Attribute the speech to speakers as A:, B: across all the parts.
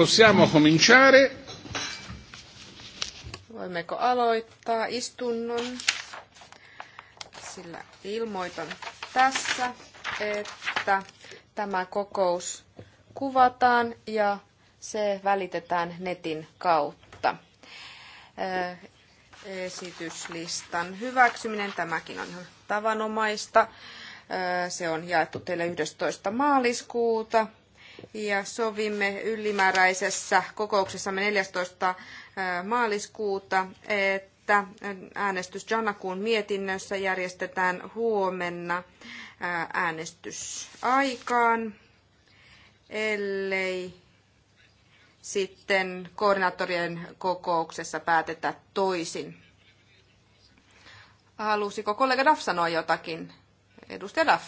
A: possiamo cominciare?
B: Voimmeko aloittaa istunnon? Sillä ilmoitan tässä, että tämä kokous kuvataan ja se välitetään netin kautta. Esityslistan hyväksyminen, tämäkin on ihan tavanomaista. Se on jaettu teille 11. maaliskuuta ja sovimme ylimääräisessä kokouksessamme 14. Äh, maaliskuuta, että äänestys Janakuun mietinnössä järjestetään huomenna äh, äänestysaikaan, ellei sitten koordinaattorien kokouksessa päätetä toisin. Halusiko kollega Duff sanoa jotakin? Edustaja Duff.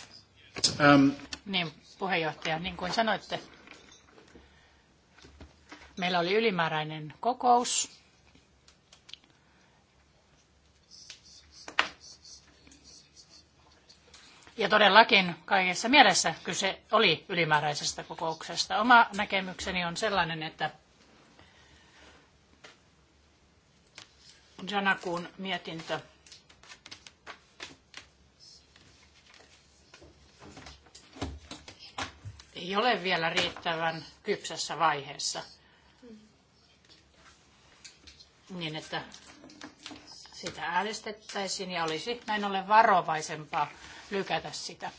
B: Um. Niin, puheenjohtaja, niin kuin sanoitte,
C: Meillä oli ylimääräinen kokous. Ja todellakin kaikessa mielessä kyse oli ylimääräisestä kokouksesta. Oma näkemykseni on sellainen, että Janakuun mietintö ei ole vielä riittävän kypsässä vaiheessa – niin, että sitä äänestettäisiin ja olisi näin ollen varovaisempaa lykätä sitä.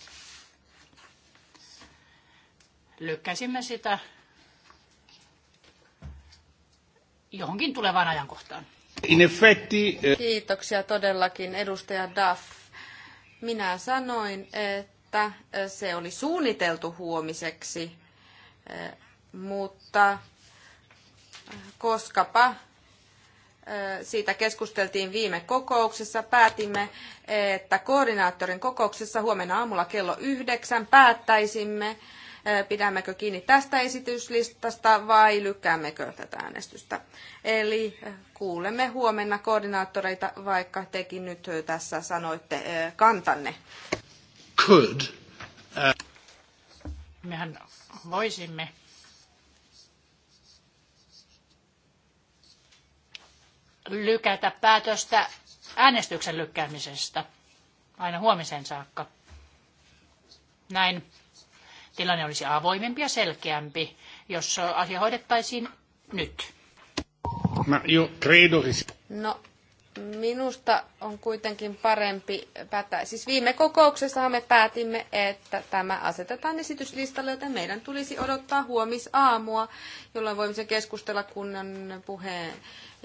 C: Lykkäisimme sitä johonkin tulevaan
B: ajankohtaan.
A: In uh...
B: Kiitoksia todellakin edustaja Duff. Minä sanoin, että eh, se oli suunniteltu huomiseksi, eh, mutta koskapa siitä keskusteltiin viime kokouksessa. Päätimme, että koordinaattorin kokouksessa huomenna aamulla kello yhdeksän päättäisimme, pidämmekö kiinni tästä esityslistasta vai lykkäämmekö tätä äänestystä. Eli kuulemme huomenna koordinaattoreita, vaikka tekin nyt tässä sanoitte kantanne. Could. Uh... Mehän
C: voisimme lykätä päätöstä äänestyksen lykkäämisestä aina huomisen saakka. Näin tilanne olisi avoimempi ja selkeämpi, jos asia
B: hoidettaisiin nyt. No, minusta on kuitenkin parempi päättää. Siis viime kokouksessa me päätimme, että tämä asetetaan esityslistalle, joten meidän tulisi odottaa huomisaamua, jolloin voimme keskustella kunnan puheen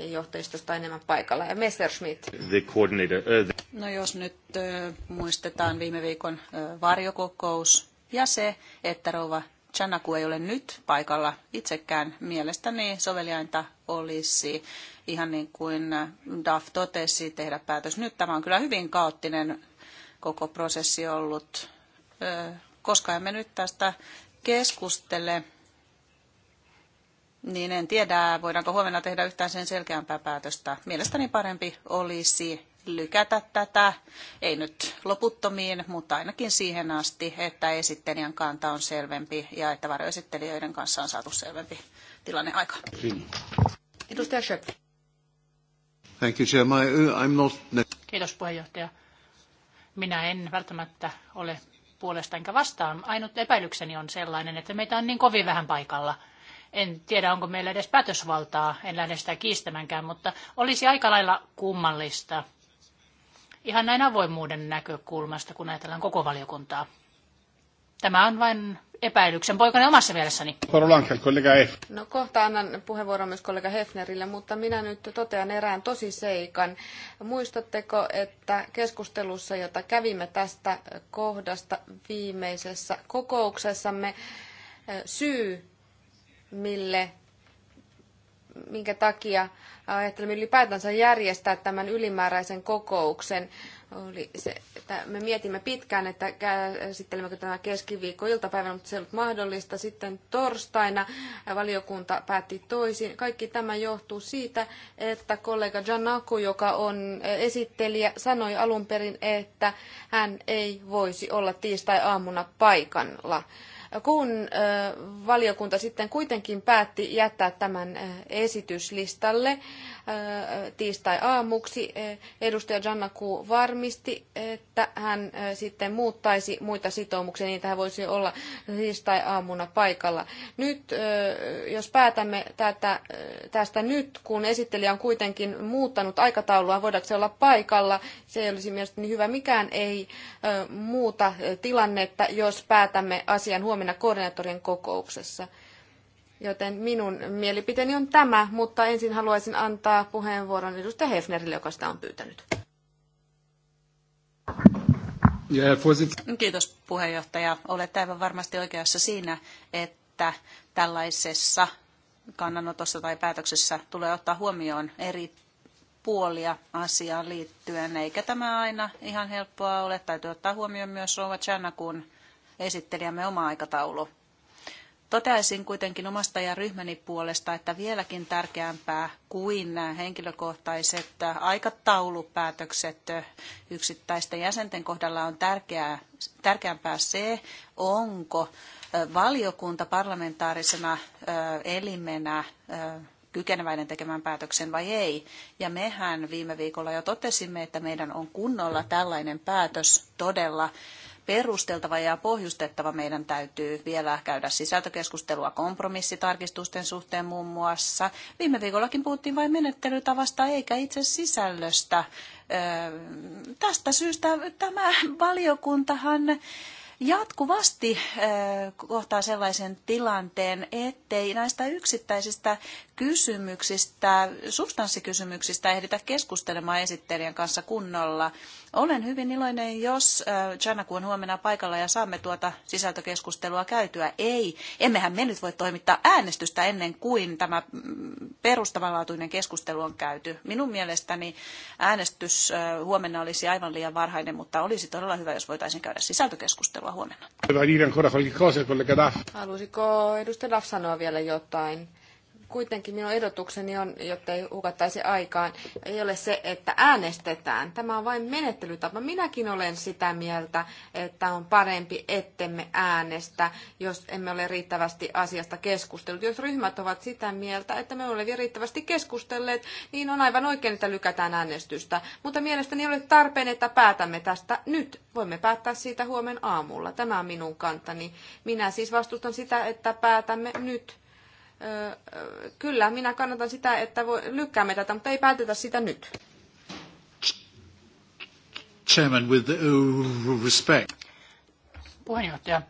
B: johtajistosta enemmän paikalla. Ja Messerschmitt. The coordinator, uh, the... No jos nyt uh, muistetaan viime viikon uh,
A: varjokokous ja se, että rouva Chanaku ei ole nyt paikalla itsekään, mielestäni soveliainta olisi ihan niin kuin DAF totesi tehdä päätös. Nyt tämä on kyllä hyvin kaoottinen koko prosessi ollut, koska emme nyt tästä keskustele niin en tiedä, voidaanko huomenna tehdä yhtään sen selkeämpää päätöstä. Mielestäni parempi olisi lykätä tätä, ei nyt loputtomiin, mutta ainakin siihen asti, että esittelijän kanta on selvempi ja että varjoesittelijöiden kanssa on saatu selvempi tilanne aika. Edustaja Schöp.
B: Thank you, Chair. Uh, I'm not...
C: Kiitos puheenjohtaja. Minä en välttämättä ole puolesta enkä vastaan. Ainut epäilykseni on sellainen, että meitä on niin kovin vähän paikalla – en tiedä, onko meillä edes päätösvaltaa, en lähde sitä kiistämäänkään, mutta olisi aika lailla kummallista ihan näin avoimuuden näkökulmasta, kun ajatellaan koko valiokuntaa.
B: Tämä on vain epäilyksen poikani omassa mielessäni. No kohta annan puheenvuoron myös kollega Hefnerille, mutta minä nyt totean erään tosi seikan. Muistatteko, että keskustelussa, jota kävimme tästä kohdasta viimeisessä kokouksessamme, syy mille, minkä takia ajattelimme ylipäätänsä järjestää tämän ylimääräisen kokouksen. Oli se, että me mietimme pitkään, että käsittelemmekö tämä keskiviikko-iltapäivänä, mutta se ei ollut mahdollista. Sitten torstaina valiokunta päätti toisin. Kaikki tämä johtuu siitä, että kollega Janaku, joka on esittelijä, sanoi alun perin, että hän ei voisi olla tiistai-aamuna paikalla kun valiokunta sitten kuitenkin päätti jättää tämän esityslistalle tiistai-aamuksi, edustaja Jannaku varmisti, että hän sitten muuttaisi muita sitoumuksia, niin että hän voisi olla tiistai-aamuna paikalla. Nyt, jos päätämme tätä, tästä nyt, kun esittelijä on kuitenkin muuttanut aikataulua, voidaanko se olla paikalla, se ei olisi mielestäni hyvä. Mikään ei muuta tilannetta, jos päätämme asian huomioon huomenna koordinaattorien kokouksessa. Joten minun mielipiteeni on tämä, mutta ensin haluaisin antaa puheenvuoron edustaja Hefnerille, joka sitä on pyytänyt.
A: Kiitos puheenjohtaja. Olet aivan varmasti oikeassa siinä, että tällaisessa kannanotossa tai päätöksessä tulee ottaa huomioon eri puolia asiaan liittyen, eikä tämä aina ihan helppoa ole. Täytyy ottaa huomioon myös Rova Channa, kun esittelijämme oma aikataulu. Toteaisin kuitenkin omasta ja ryhmäni puolesta, että vieläkin tärkeämpää kuin henkilökohtaiset aikataulupäätökset yksittäisten jäsenten kohdalla on tärkeää, tärkeämpää se, onko valiokunta parlamentaarisena elimenä kykeneväinen tekemään päätöksen vai ei. Ja mehän viime viikolla jo totesimme, että meidän on kunnolla tällainen päätös todella perusteltava ja pohjustettava. Meidän täytyy vielä käydä sisältökeskustelua kompromissitarkistusten suhteen muun muassa. Viime viikollakin puhuttiin vain menettelytavasta eikä itse sisällöstä. Tästä syystä tämä valiokuntahan jatkuvasti kohtaa sellaisen tilanteen, ettei näistä yksittäisistä kysymyksistä, substanssikysymyksistä ehditä keskustelemaan esittelijän kanssa kunnolla. Olen hyvin iloinen, jos Janaku on huomenna paikalla ja saamme tuota sisältökeskustelua käytyä. Ei, emmehän me nyt voi toimittaa äänestystä ennen kuin tämä mm, perustavanlaatuinen keskustelu on käyty. Minun mielestäni äänestys huomenna olisi aivan liian varhainen, mutta olisi todella hyvä, jos voitaisiin käydä sisältökeskustelua huomenna.
B: Haluaisiko edustaja Duff sanoa vielä jotain? kuitenkin minun ehdotukseni on, jotta ei hukattaisi aikaan, ei ole se, että äänestetään. Tämä on vain menettelytapa. Minäkin olen sitä mieltä, että on parempi, ettemme äänestä, jos emme ole riittävästi asiasta keskustellut. Jos ryhmät ovat sitä mieltä, että me olemme riittävästi keskustelleet, niin on aivan oikein, että lykätään äänestystä. Mutta mielestäni ei ole tarpeen, että päätämme tästä nyt. Voimme päättää siitä huomen aamulla. Tämä on minun kantani. Minä siis vastustan sitä, että päätämme nyt kyllä, minä kannatan sitä, että lykkäämme tätä, mutta ei päätetä sitä nyt. Chairman, with uh, respect.
C: Puheenjohtaja,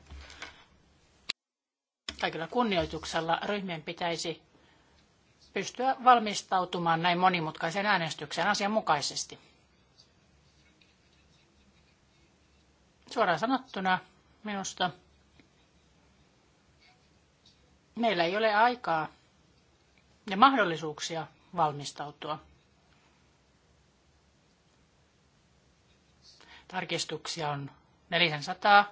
C: kaikilla kunnioituksella ryhmien pitäisi pystyä valmistautumaan näin monimutkaiseen äänestykseen asianmukaisesti. Suoraan sanottuna minusta Meillä ei ole aikaa ja mahdollisuuksia valmistautua. Tarkistuksia on 400.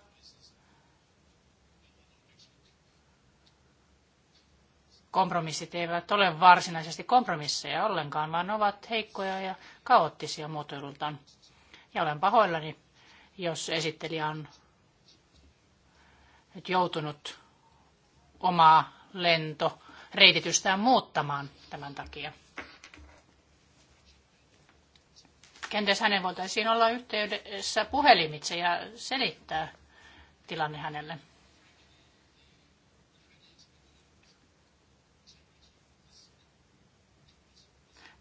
C: Kompromissit eivät ole varsinaisesti kompromisseja ollenkaan, vaan ovat heikkoja ja kaoottisia muotoilultaan. Ja olen pahoillani, jos esittelijä on nyt joutunut omaa lento reititystään muuttamaan tämän takia. Kenties hänen voitaisiin olla yhteydessä puhelimitse ja selittää tilanne hänelle.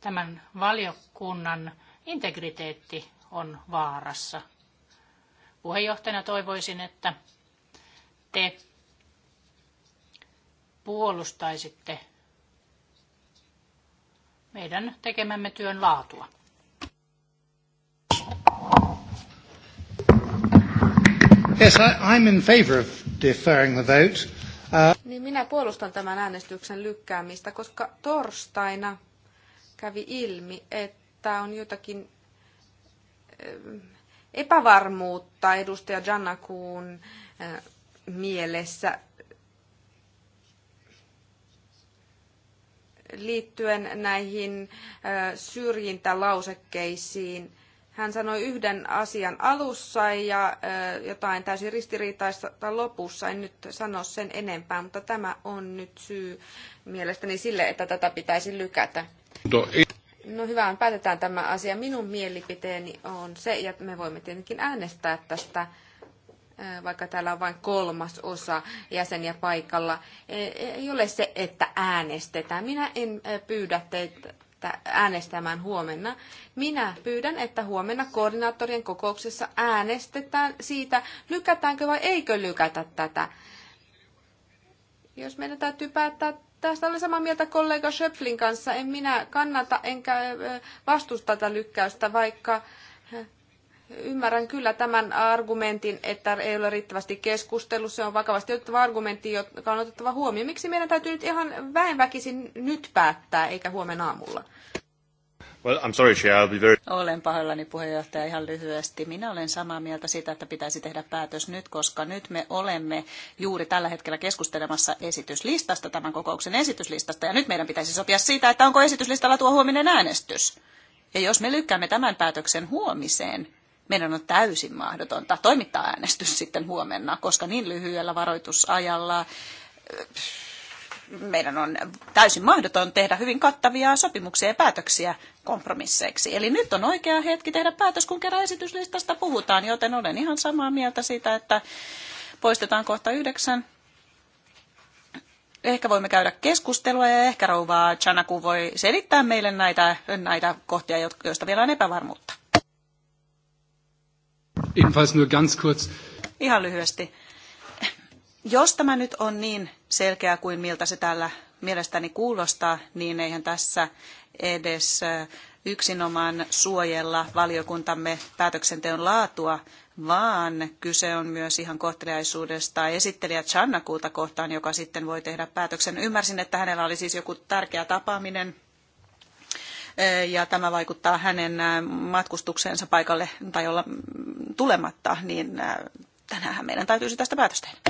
C: Tämän valiokunnan integriteetti on vaarassa. Puheenjohtajana toivoisin, että te puolustaisitte meidän tekemämme työn laatua. Yes, I, I'm in favor of deferring the vote. Uh...
B: Niin minä puolustan tämän äänestyksen lykkäämistä, koska torstaina kävi ilmi, että on jotakin eh, epävarmuutta edustaja Jannakuun eh, mielessä liittyen näihin syrjintälausekkeisiin. Hän sanoi yhden asian alussa ja jotain täysin ristiriitaista lopussa. En nyt sano sen enempää, mutta tämä on nyt syy mielestäni sille, että tätä pitäisi lykätä. No, no hyvä, päätetään tämä asia. Minun mielipiteeni on se, ja me voimme tietenkin äänestää tästä vaikka täällä on vain kolmas osa jäseniä paikalla, e, ei ole se, että äänestetään. Minä en pyydä teitä äänestämään huomenna. Minä pyydän, että huomenna koordinaattorien kokouksessa äänestetään siitä, lykätäänkö vai eikö lykätä tätä. Jos meidän täytyy päättää tästä olen samaa mieltä kollega Schöpflin kanssa. En minä kannata enkä vastusta tätä lykkäystä, vaikka Ymmärrän kyllä tämän argumentin, että ei ole riittävästi keskustelu. Se on vakavasti otettava argumentti, joka on otettava huomioon. Miksi meidän täytyy nyt ihan väenväkisin nyt päättää, eikä huomenna aamulla? Well, I'm sorry, Chair, I'll be very...
A: Olen pahoillani puheenjohtaja ihan lyhyesti. Minä olen samaa mieltä siitä, että pitäisi tehdä päätös nyt, koska nyt me olemme juuri tällä hetkellä keskustelemassa esityslistasta, tämän kokouksen esityslistasta, ja nyt meidän pitäisi sopia siitä, että onko esityslistalla tuo huominen äänestys. Ja jos me lykkäämme tämän päätöksen huomiseen, meidän on täysin mahdotonta toimittaa äänestys sitten huomenna, koska niin lyhyellä varoitusajalla äh, meidän on täysin mahdoton tehdä hyvin kattavia sopimuksia ja päätöksiä kompromisseiksi. Eli nyt on oikea hetki tehdä päätös, kun kerran esityslistasta puhutaan, joten olen ihan samaa mieltä siitä, että poistetaan kohta yhdeksän. Ehkä voimme käydä keskustelua ja ehkä rouvaa Chanaku voi selittää meille näitä, näitä kohtia, joista vielä on epävarmuutta.
C: Ebenfalls nur ganz kurz.
A: Ihan lyhyesti. Jos tämä nyt on niin selkeä kuin miltä se täällä mielestäni kuulostaa, niin eihän tässä edes yksinomaan suojella valiokuntamme päätöksenteon laatua, vaan kyse on myös ihan kohteliaisuudesta esittelijä Channakuuta kohtaan, joka sitten voi tehdä päätöksen. Ymmärsin, että hänellä oli siis joku tärkeä tapaaminen Eh, ja tämä vaikuttaa hänen eh, matkustukseensa paikalle tai olla tulematta, niin eh, tänään meidän täytyisi tästä päätös tehdä.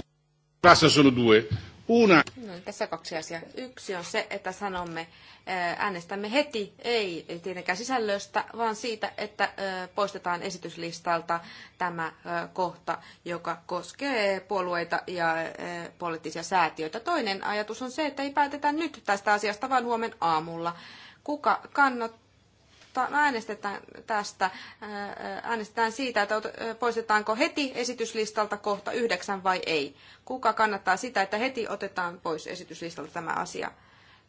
B: Una. No, tässä kaksi asiaa. Yksi on se, että sanomme, äänestämme heti, ei tietenkään sisällöstä, vaan siitä, että poistetaan esityslistalta tämä kohta, joka koskee puolueita ja poliittisia säätiöitä. Toinen ajatus on se, että ei päätetä nyt tästä asiasta, vaan huomen aamulla, kuka kannattaa, äänestetään tästä, äänestetään siitä, että poistetaanko heti esityslistalta kohta yhdeksän vai ei. Kuka kannattaa sitä, että heti otetaan pois esityslistalta tämä asia.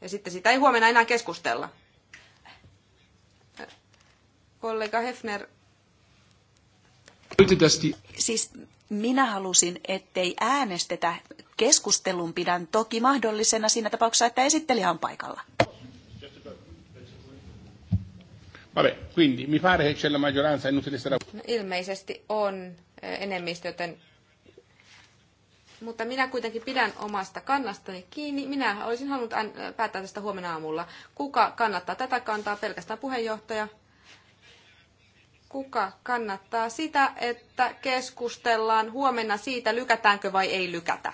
B: Ja sitten sitä ei huomenna enää keskustella. Kollega Hefner. Siis minä halusin,
A: ettei äänestetä. Keskustelun pidän toki mahdollisena siinä tapauksessa, että esittelijä on paikalla. Vabbè, quindi mi pare che c'è la maggioranza, inutile stare...
B: No, ilmeisesti on eh, enemmistö, joten... Mutta minä kuitenkin pidän omasta kannastani kiinni. Minä olisin halunnut päättää tästä huomenna aamulla. Kuka kannattaa tätä kantaa? Pelkästään puheenjohtaja. Kuka kannattaa sitä, että keskustellaan huomenna siitä, lykätäänkö vai ei lykätä?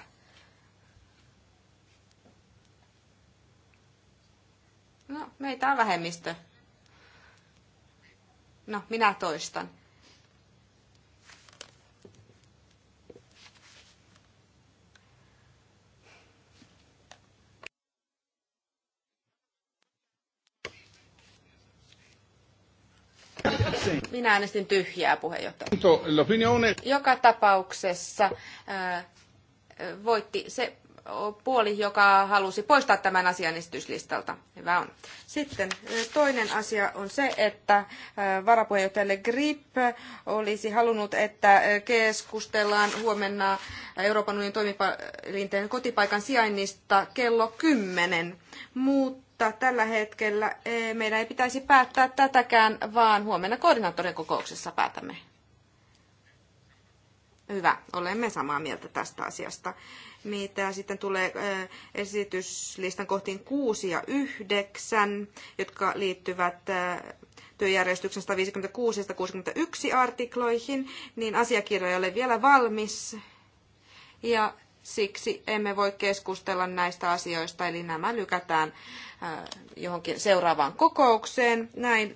B: No, meitä on vähemmistö. No, minä toistan. Minä äänestin tyhjää puheenjohtaja. Joka tapauksessa voitti se puoli, joka halusi poistaa tämän asian esityslistalta. Hyvä on. Sitten toinen asia on se, että varapuheenjohtajalle Grip olisi halunnut, että keskustellaan huomenna Euroopan unionin toimielinten kotipaikan sijainnista kello 10. Mutta tällä hetkellä e, meidän ei pitäisi päättää tätäkään, vaan huomenna koordinaattorin kokouksessa päätämme. Hyvä, olemme samaa mieltä tästä asiasta. Mitä sitten tulee esityslistan kohtiin 6 ja 9, jotka liittyvät työjärjestyksen 156 ja 161 artikloihin, niin asiakirja ei ole vielä valmis. Ja siksi emme voi keskustella näistä asioista, eli nämä lykätään johonkin seuraavaan kokoukseen. Näin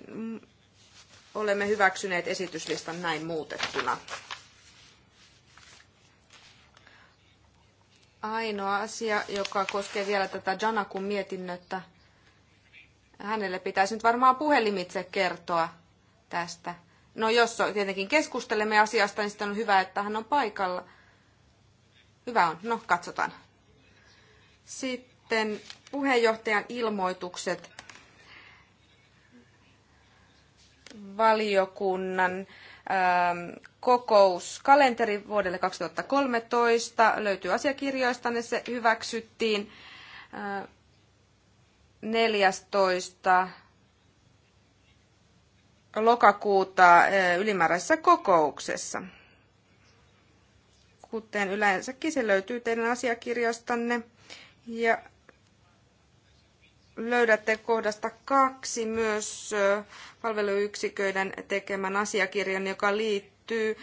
B: olemme hyväksyneet esityslistan näin muutettuna. ainoa asia, joka koskee vielä tätä Janakun mietinnöttä. Hänelle pitäisi nyt varmaan puhelimitse kertoa tästä. No jos tietenkin keskustelemme asiasta, niin sitten on hyvä, että hän on paikalla. Hyvä on. No, katsotaan. Sitten puheenjohtajan ilmoitukset valiokunnan Ähm, kokouskalenteri vuodelle 2013. Löytyy asiakirjoista, ne se hyväksyttiin 14 äh, lokakuuta äh, ylimääräisessä kokouksessa. Kuten yleensäkin se löytyy teidän asiakirjoistanne. Ja löydätte kohdasta kaksi myös palveluyksiköiden tekemän asiakirjan, joka liittyy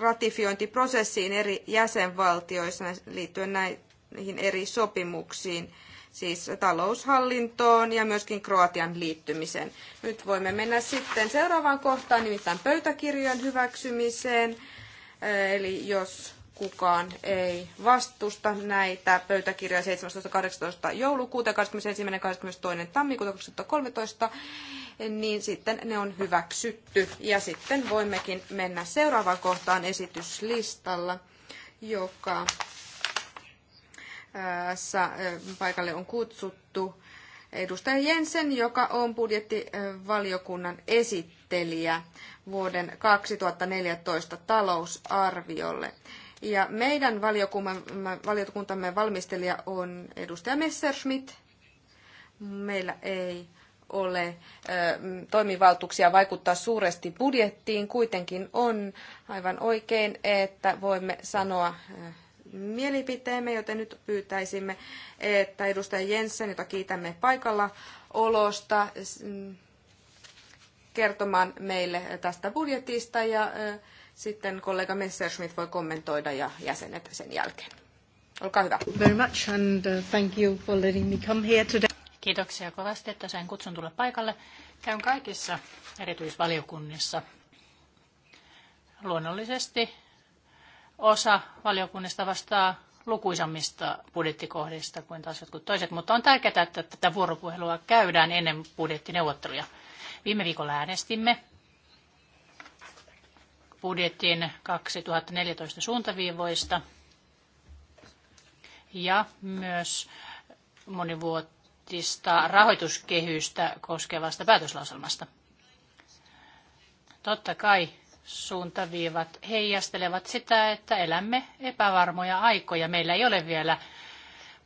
B: ratifiointiprosessiin eri jäsenvaltioissa liittyen näihin eri sopimuksiin, siis taloushallintoon ja myöskin Kroatian liittymiseen. Nyt voimme mennä sitten seuraavaan kohtaan, nimittäin pöytäkirjojen hyväksymiseen. Eli jos kukaan ei vastusta näitä pöytäkirjoja 17.18. joulukuuta 21. 22. tammikuuta 2013, niin sitten ne on hyväksytty. Ja sitten voimmekin mennä seuraavaan kohtaan esityslistalla, joka paikalle on kutsuttu edustaja Jensen, joka on budjettivaliokunnan esittelijä vuoden 2014 talousarviolle. Ja meidän valiokuntamme valmistelija on edustaja Messerschmidt. Meillä ei ole toimivaltuuksia vaikuttaa suuresti budjettiin. Kuitenkin on aivan oikein, että voimme sanoa mielipiteemme, joten nyt pyytäisimme, että edustaja Jensen, jota kiitämme paikalla olosta, mm, kertomaan meille tästä budjetista ja sitten kollega Messerschmidt voi kommentoida ja jäsenet sen jälkeen. Olkaa hyvä. Very much and uh, thank you for
C: letting me come here today. Kiitoksia kovasti, että sain kutsun tulla paikalle. Käyn kaikissa erityisvaliokunnissa. Luonnollisesti osa valiokunnista vastaa lukuisammista budjettikohdista kuin taas jotkut toiset, mutta on tärkeää, että tätä vuoropuhelua käydään ennen budjettineuvotteluja. Viime viikolla äänestimme budjetin 2014 suuntaviivoista ja myös monivuotista rahoituskehystä koskevasta päätöslauselmasta. Totta kai suuntaviivat heijastelevat sitä, että elämme epävarmoja aikoja. Meillä ei ole vielä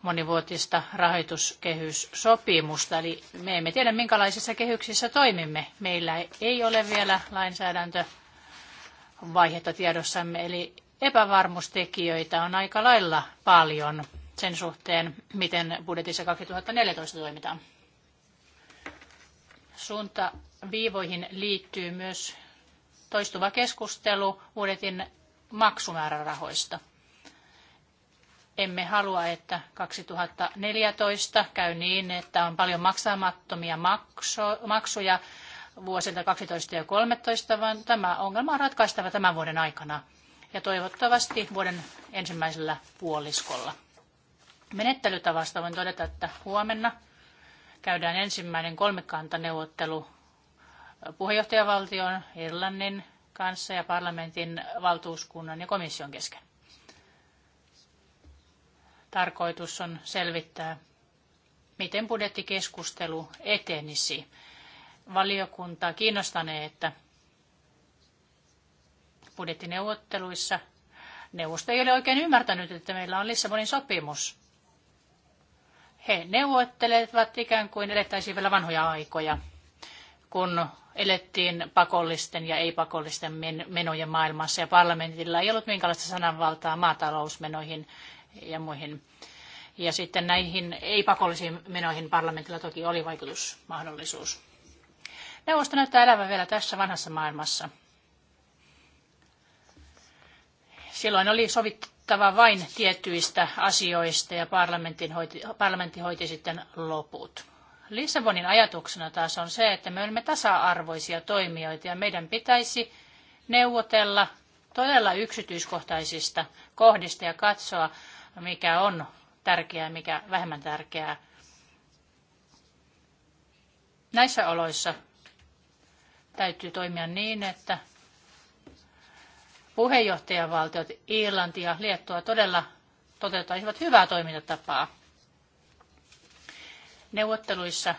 C: monivuotista rahoituskehyssopimusta, eli me emme tiedä minkälaisissa kehyksissä toimimme. Meillä ei ole vielä lainsäädäntö vaihetta tiedossamme, eli epävarmuustekijöitä on aika lailla paljon sen suhteen, miten budjetissa 2014 toimitaan. Suunta viivoihin liittyy myös toistuva keskustelu budjetin maksumäärärahoista. Emme halua, että 2014 käy niin, että on paljon maksamattomia maksuja vuosilta 2012 ja 2013 vaan tämä ongelma on ratkaistava tämän vuoden aikana ja toivottavasti vuoden ensimmäisellä puoliskolla. Menettelytavasta voin todeta, että huomenna käydään ensimmäinen kolmikantaneuvottelu puheenjohtajavaltion, Irlannin kanssa ja parlamentin valtuuskunnan ja komission kesken. Tarkoitus on selvittää, miten budjettikeskustelu etenisi valiokuntaa kiinnostanee, että budjettineuvotteluissa neuvosto ei ole oikein ymmärtänyt, että meillä on Lissabonin sopimus. He neuvottelevat ikään kuin elettäisiin vielä vanhoja aikoja, kun elettiin pakollisten ja ei-pakollisten menojen maailmassa ja parlamentilla ei ollut minkälaista sananvaltaa maatalousmenoihin ja muihin. Ja sitten näihin ei-pakollisiin menoihin parlamentilla toki oli vaikutusmahdollisuus. Neuvosto näyttää elävän vielä tässä vanhassa maailmassa. Silloin oli sovittava vain tietyistä asioista ja parlamentin hoiti, parlamentti hoiti sitten loput. Lissabonin ajatuksena taas on se, että me olemme tasa-arvoisia toimijoita ja meidän pitäisi neuvotella todella yksityiskohtaisista kohdista ja katsoa, mikä on tärkeää ja mikä vähemmän tärkeää. Näissä oloissa täytyy toimia niin, että puheenjohtajavaltiot Irlanti ja Liettua todella toteuttaisivat hyvää toimintatapaa. Neuvotteluissa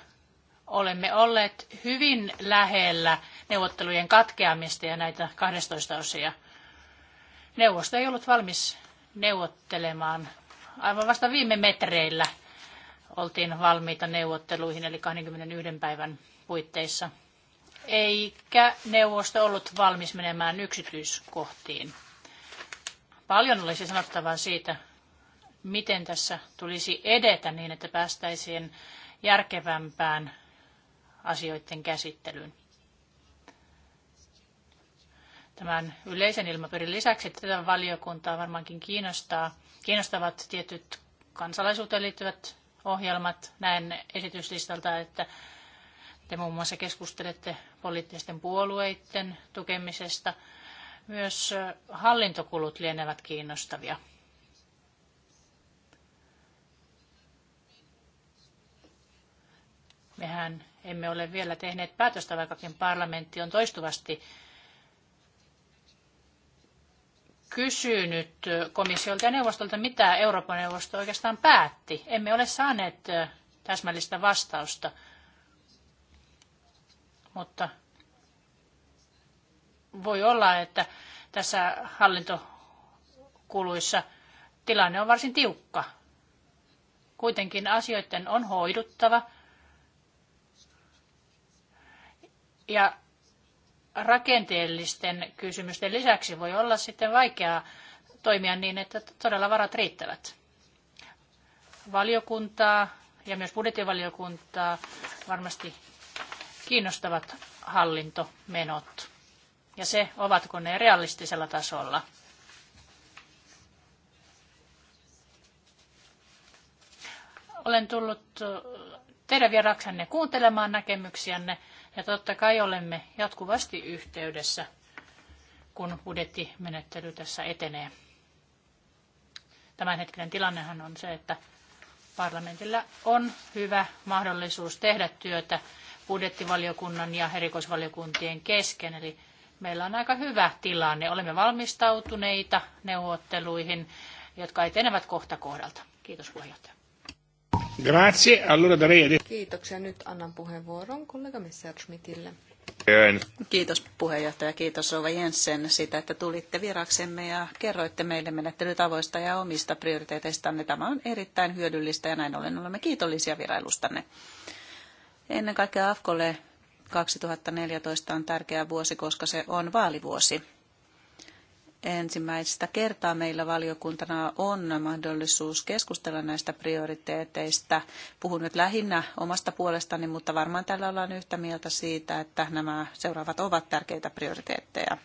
C: olemme olleet hyvin lähellä neuvottelujen katkeamista ja näitä 12 osia. Neuvosto ei ollut valmis neuvottelemaan. Aivan vasta viime metreillä oltiin valmiita neuvotteluihin, eli 21 päivän puitteissa – eikä neuvosto ollut valmis menemään yksityiskohtiin. Paljon olisi sanottavaa siitä, miten tässä tulisi edetä niin, että päästäisiin järkevämpään asioiden käsittelyyn. Tämän yleisen ilmapiirin lisäksi tätä valiokuntaa varmaankin kiinnostaa, kiinnostavat tietyt kansalaisuuteen liittyvät ohjelmat. Näen esityslistalta, että te muun muassa keskustelette poliittisten puolueiden tukemisesta. Myös hallintokulut lienevät kiinnostavia. Mehän emme ole vielä tehneet päätöstä, vaikkakin parlamentti on toistuvasti kysynyt komissiolta ja neuvostolta, mitä Euroopan neuvosto oikeastaan päätti. Emme ole saaneet täsmällistä vastausta mutta voi olla, että tässä hallintokuluissa tilanne on varsin tiukka. Kuitenkin asioiden on hoiduttava. Ja rakenteellisten kysymysten lisäksi voi olla sitten vaikeaa toimia niin, että todella varat riittävät. Valiokuntaa ja myös budjettivaliokuntaa varmasti kiinnostavat hallintomenot ja se, ovatko ne realistisella tasolla. Olen tullut teidän vieraksenne kuuntelemaan näkemyksiänne ja totta kai olemme jatkuvasti yhteydessä, kun budjettimenettely tässä etenee. Tämänhetkinen tilannehan on se, että parlamentilla on hyvä mahdollisuus tehdä työtä budjettivaliokunnan ja erikoisvaliokuntien kesken. Eli meillä on aika hyvä tilanne. Olemme valmistautuneita neuvotteluihin, jotka etenevät kohta kohdalta. Kiitos puheenjohtaja.
A: Grazie. Allora darei... Kiitoksia. Nyt annan puheenvuoron kollega Messerschmittille. Kiitos puheenjohtaja, kiitos Rova Jensen siitä, että tulitte viraksemme ja kerroitte meille menettelytavoista ja omista prioriteeteistanne. Tämä on erittäin hyödyllistä ja näin ollen olemme kiitollisia vierailustanne. Ennen kaikkea AFKOlle 2014 on tärkeä vuosi, koska se on vaalivuosi. Ensimmäistä kertaa meillä valiokuntana on mahdollisuus keskustella näistä prioriteeteista. Puhun nyt lähinnä omasta puolestani, mutta varmaan täällä ollaan yhtä mieltä siitä, että nämä seuraavat ovat tärkeitä prioriteetteja.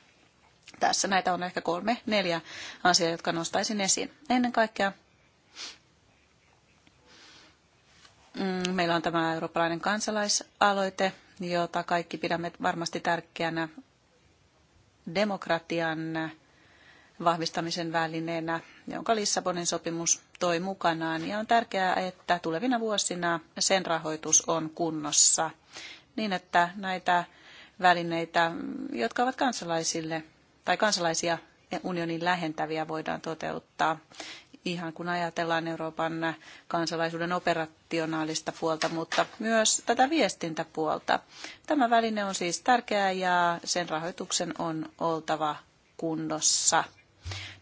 A: Tässä näitä on ehkä kolme, neljä asiaa, jotka nostaisin esiin. Ennen kaikkea Mm, meillä on tämä eurooppalainen kansalaisaloite, jota kaikki pidämme varmasti tärkeänä demokratian vahvistamisen välineenä, jonka Lissabonin sopimus toi mukanaan. Ja on tärkeää, että tulevina vuosina sen rahoitus on kunnossa, niin että näitä välineitä, jotka ovat kansalaisille tai kansalaisia unionin lähentäviä, voidaan toteuttaa ihan kun ajatellaan Euroopan kansalaisuuden operationaalista puolta, mutta myös tätä viestintäpuolta. Tämä väline on siis tärkeä ja sen rahoituksen on oltava kunnossa.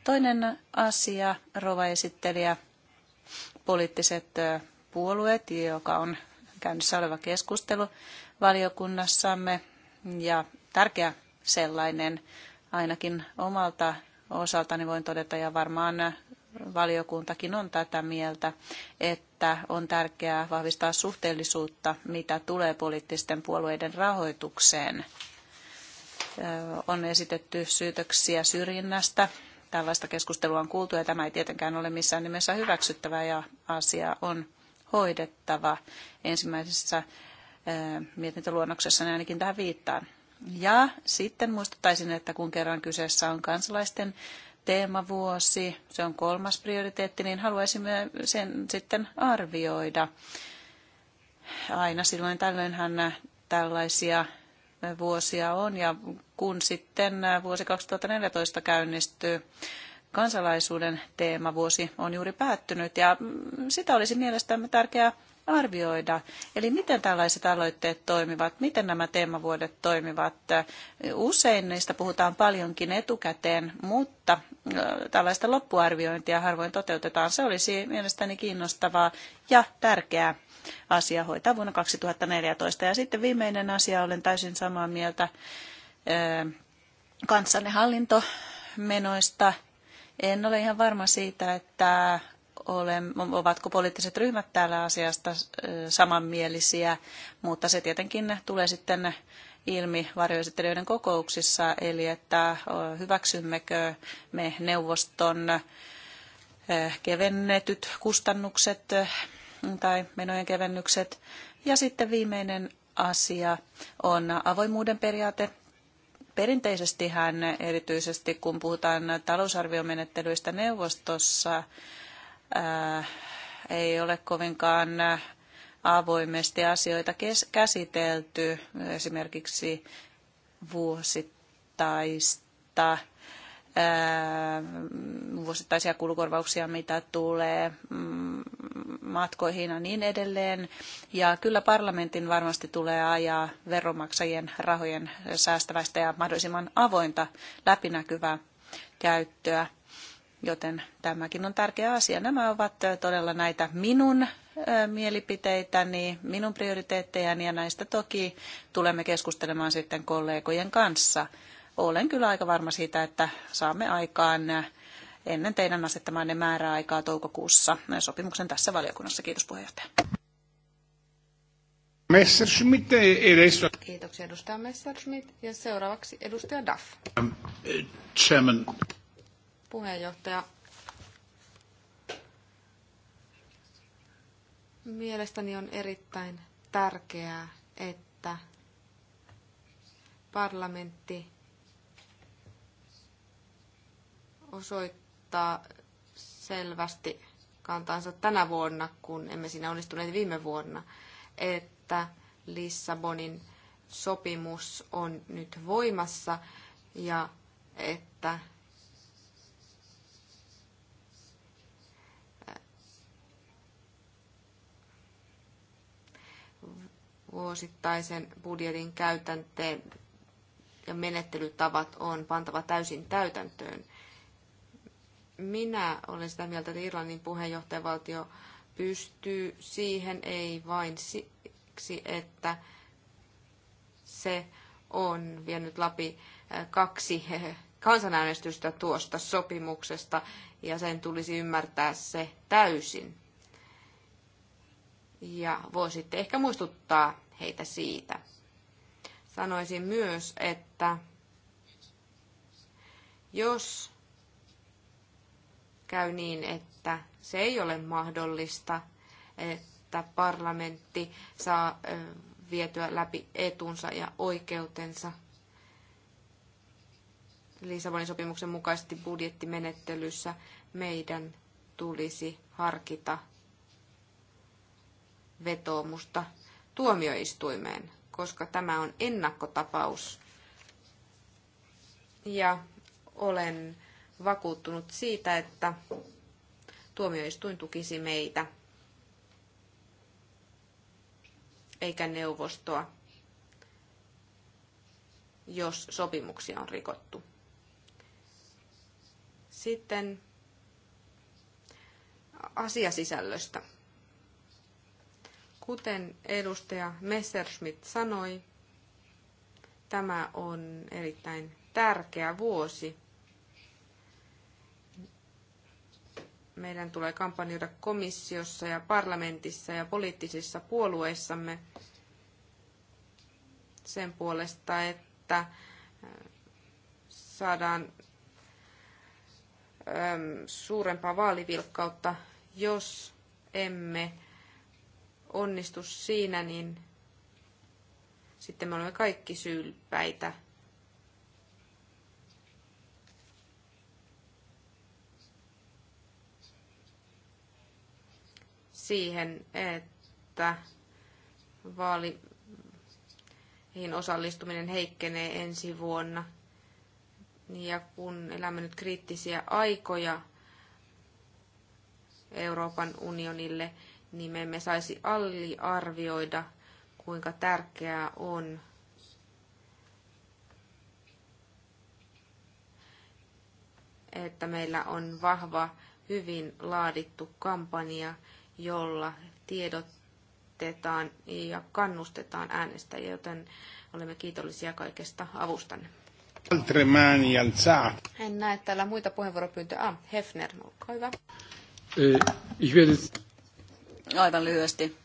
A: Toinen asia, rova esittelijä, poliittiset puolueet, joka on käynnissä oleva keskustelu valiokunnassamme ja tärkeä sellainen ainakin omalta osaltani voin todeta ja varmaan valiokuntakin on tätä mieltä, että on tärkeää vahvistaa suhteellisuutta, mitä tulee poliittisten puolueiden rahoitukseen. On esitetty syytöksiä syrjinnästä. Tällaista keskustelua on kuultu ja tämä ei tietenkään ole missään nimessä hyväksyttävä ja asia on hoidettava. Ensimmäisessä mietintöluonnoksessa ainakin tähän viittaan. Ja sitten muistuttaisin, että kun kerran kyseessä on kansalaisten teemavuosi, se on kolmas prioriteetti, niin haluaisimme sen sitten arvioida. Aina silloin tällöinhän tällaisia vuosia on ja kun sitten vuosi 2014 käynnistyy, kansalaisuuden teemavuosi on juuri päättynyt ja sitä olisi mielestämme tärkeää arvioida. Eli miten tällaiset aloitteet toimivat, miten nämä teemavuodet toimivat. Usein niistä puhutaan paljonkin etukäteen, mutta tällaista loppuarviointia harvoin toteutetaan. Se olisi mielestäni kiinnostavaa ja tärkeää asia hoitaa vuonna 2014. Ja sitten viimeinen asia, olen täysin samaa mieltä kanssanne hallintomenoista. En ole ihan varma siitä, että ole, ovatko poliittiset ryhmät täällä asiasta samanmielisiä, mutta se tietenkin tulee sitten ilmi varjoesittelijöiden kokouksissa, eli että hyväksymmekö me neuvoston kevennetyt kustannukset tai menojen kevennykset. Ja sitten viimeinen asia on avoimuuden periaate. Perinteisesti hän erityisesti, kun puhutaan talousarviomenettelyistä neuvostossa, Äh, ei ole kovinkaan äh, avoimesti asioita käsitelty, esimerkiksi vuosittaista äh, vuosittaisia kulukorvauksia, mitä tulee mm, matkoihin ja niin edelleen. Ja kyllä parlamentin varmasti tulee ajaa veronmaksajien rahojen säästävästä ja mahdollisimman avointa läpinäkyvää käyttöä joten tämäkin on tärkeä asia. Nämä ovat todella näitä minun mielipiteitäni, minun prioriteettejani ja näistä toki tulemme keskustelemaan sitten kollegojen kanssa. Olen kyllä aika varma siitä, että saamme aikaan ennen teidän asettamanne määräaikaa toukokuussa sopimuksen tässä valiokunnassa. Kiitos puheenjohtaja. Messerschmitt edessä.
B: Kiitoksia edustaja Messerschmidt ja seuraavaksi edustaja Duff.
A: Um, chairman
B: puheenjohtaja. Mielestäni on erittäin tärkeää, että parlamentti osoittaa selvästi kantansa tänä vuonna, kun emme siinä onnistuneet viime vuonna, että Lissabonin sopimus on nyt voimassa ja että vuosittaisen budjetin käytänteen ja menettelytavat on pantava täysin täytäntöön. Minä olen sitä mieltä, että Irlannin puheenjohtajavaltio pystyy siihen ei vain siksi, että se on vienyt läpi eh, kaksi eh, kansanäänestystä tuosta sopimuksesta ja sen tulisi ymmärtää se täysin. Ja voisitte ehkä muistuttaa heitä siitä. Sanoisin myös, että jos käy niin, että se ei ole mahdollista, että parlamentti saa vietyä läpi etunsa ja oikeutensa. Lissabonin sopimuksen mukaisesti budjettimenettelyssä meidän tulisi harkita vetoomusta tuomioistuimeen, koska tämä on ennakkotapaus. Ja olen vakuuttunut siitä, että tuomioistuin tukisi meitä, eikä neuvostoa, jos sopimuksia on rikottu. Sitten asiasisällöstä. Kuten edustaja Messerschmidt sanoi, tämä on erittäin tärkeä vuosi. Meidän tulee kampanjoida komissiossa ja parlamentissa ja poliittisissa puolueissamme sen puolesta, että saadaan suurempaa vaalivilkkautta, jos emme onnistu siinä, niin sitten me olemme kaikki sylpäitä. siihen, että vaaliin osallistuminen heikkenee ensi vuonna. Ja kun elämme nyt kriittisiä aikoja Euroopan unionille, niin me emme saisi alliarvioida, kuinka tärkeää on että meillä on vahva, hyvin laadittu kampanja, jolla tiedotetaan ja kannustetaan äänestäjiä, joten olemme kiitollisia kaikesta avustanne. En näe täällä muita puheenvuoropyyntöjä. Ah, Hefner, olkaa hyvä.
A: Eh,
B: Aivan lyhyesti.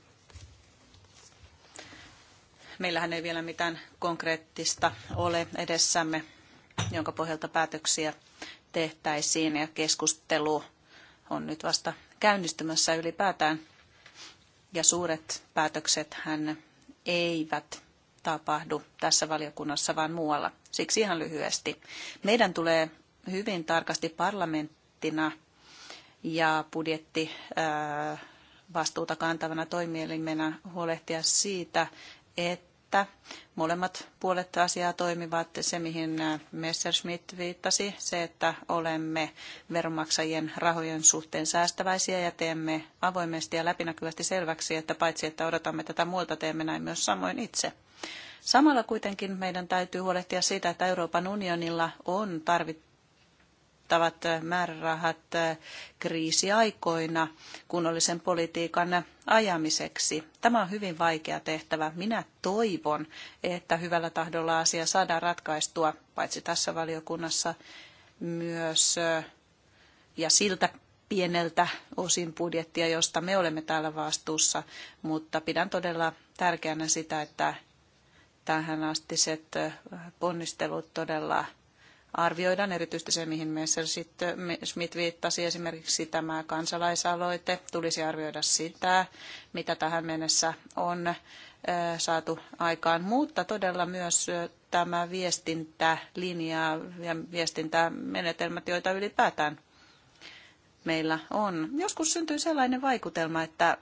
A: Meillähän ei vielä mitään konkreettista ole edessämme, jonka pohjalta päätöksiä tehtäisiin ja keskustelu on nyt vasta käynnistymässä ylipäätään. Ja suuret päätökset hän eivät tapahdu tässä valiokunnassa, vaan muualla. Siksi ihan lyhyesti. Meidän tulee hyvin tarkasti parlamenttina ja budjetti vastuuta kantavana toimielimenä huolehtia siitä, että molemmat puolet asiaa toimivat. Se, mihin äh, Messerschmitt viittasi, se, että olemme veronmaksajien rahojen suhteen säästäväisiä ja teemme avoimesti ja läpinäkyvästi selväksi, että paitsi että odotamme tätä muilta, teemme näin myös samoin itse. Samalla kuitenkin meidän täytyy huolehtia siitä, että Euroopan unionilla on tarvittava riittävät eh, määrärahat eh, kriisiaikoina kunnollisen politiikan ajamiseksi. Tämä on hyvin vaikea tehtävä. Minä toivon, että hyvällä tahdolla asia saadaan ratkaistua paitsi tässä valiokunnassa myös eh, ja siltä pieneltä osin budjettia, josta me olemme täällä vastuussa, mutta pidän todella tärkeänä sitä, että tähän astiset ponnistelut todella arvioidaan, erityisesti se, mihin Messerschmitt Schmidt viittasi, esimerkiksi tämä kansalaisaloite, tulisi arvioida sitä, mitä tähän mennessä on saatu aikaan, mutta todella myös tämä viestintälinja ja viestintämenetelmät, joita ylipäätään meillä on. Joskus syntyy sellainen vaikutelma, että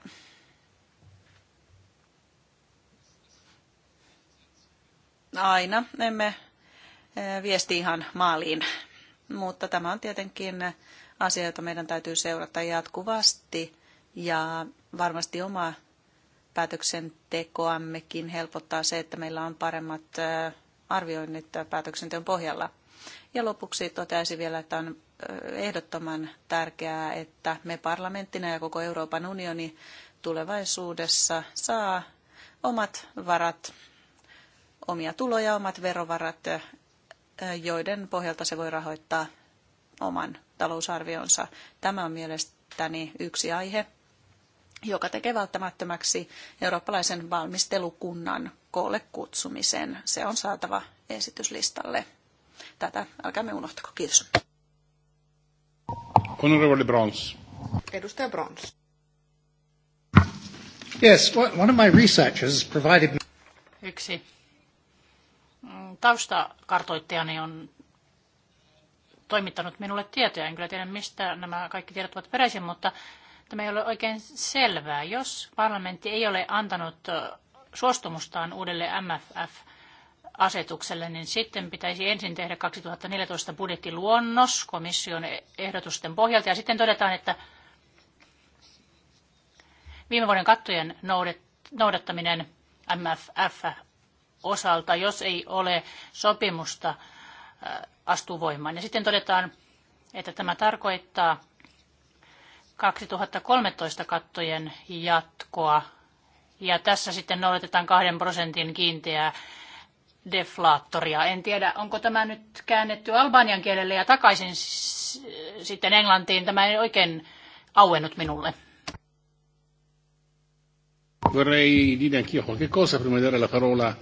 A: aina emme Eh, viesti ihan maaliin. Mutta tämä on tietenkin asia, jota meidän täytyy seurata jatkuvasti ja varmasti oma päätöksentekoammekin helpottaa se, että meillä on paremmat eh, arvioinnit päätöksenteon pohjalla. Ja lopuksi toteaisin vielä, että on eh, ehdottoman tärkeää, että me parlamenttina ja koko Euroopan unioni tulevaisuudessa saa omat varat, omia tuloja, omat verovarat joiden pohjalta se voi rahoittaa oman talousarvionsa. Tämä on mielestäni yksi aihe, joka tekee välttämättömäksi eurooppalaisen valmistelukunnan koolle kutsumisen. Se on saatava esityslistalle. Tätä älkäämme unohtako. Kiitos. Honorable Brons. Edustaja Brons. Yes, one of my researchers provided me...
C: Yksi Mm, taustakartoittajani on toimittanut minulle tietoja. En kyllä tiedä, mistä nämä kaikki tiedot ovat peräisin, mutta tämä ei ole oikein selvää. Jos parlamentti ei ole antanut suostumustaan uudelle MFF-asetukselle, niin sitten pitäisi ensin tehdä 2014 budjettiluonnos komission ehdotusten pohjalta ja sitten todetaan, että viime vuoden kattojen noudattaminen MFF osalta, jos ei ole sopimusta äh, astu voimaan. Ja sitten todetaan, että tämä tarkoittaa 2013 kattojen jatkoa. Ja tässä sitten noudatetaan kahden prosentin kiinteää deflaattoria. En tiedä, onko tämä nyt käännetty albanian kielelle ja takaisin sitten englantiin. Tämä ei
B: oikein auennut minulle.
A: Vorrei dire anch'io qualche cosa prima di dare la parola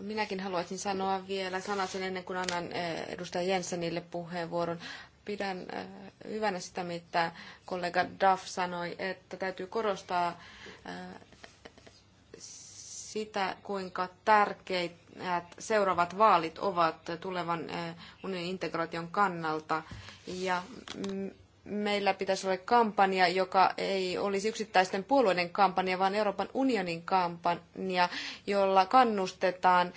B: Minäkin haluaisin sanoa vielä sanasen ennen kuin annan eh, edustaja Jensenille puheenvuoron. Pidän eh, hyvänä sitä, mitä kollega Duff sanoi, että täytyy korostaa eh, sitä, kuinka tärkeät seuraavat vaalit ovat tulevan unionin integraation kannalta. Ja mm, meillä pitäisi olla kampanja, joka ei olisi yksittäisten puolueiden kampanja, vaan Euroopan unionin kampanja, jolla kannustetaan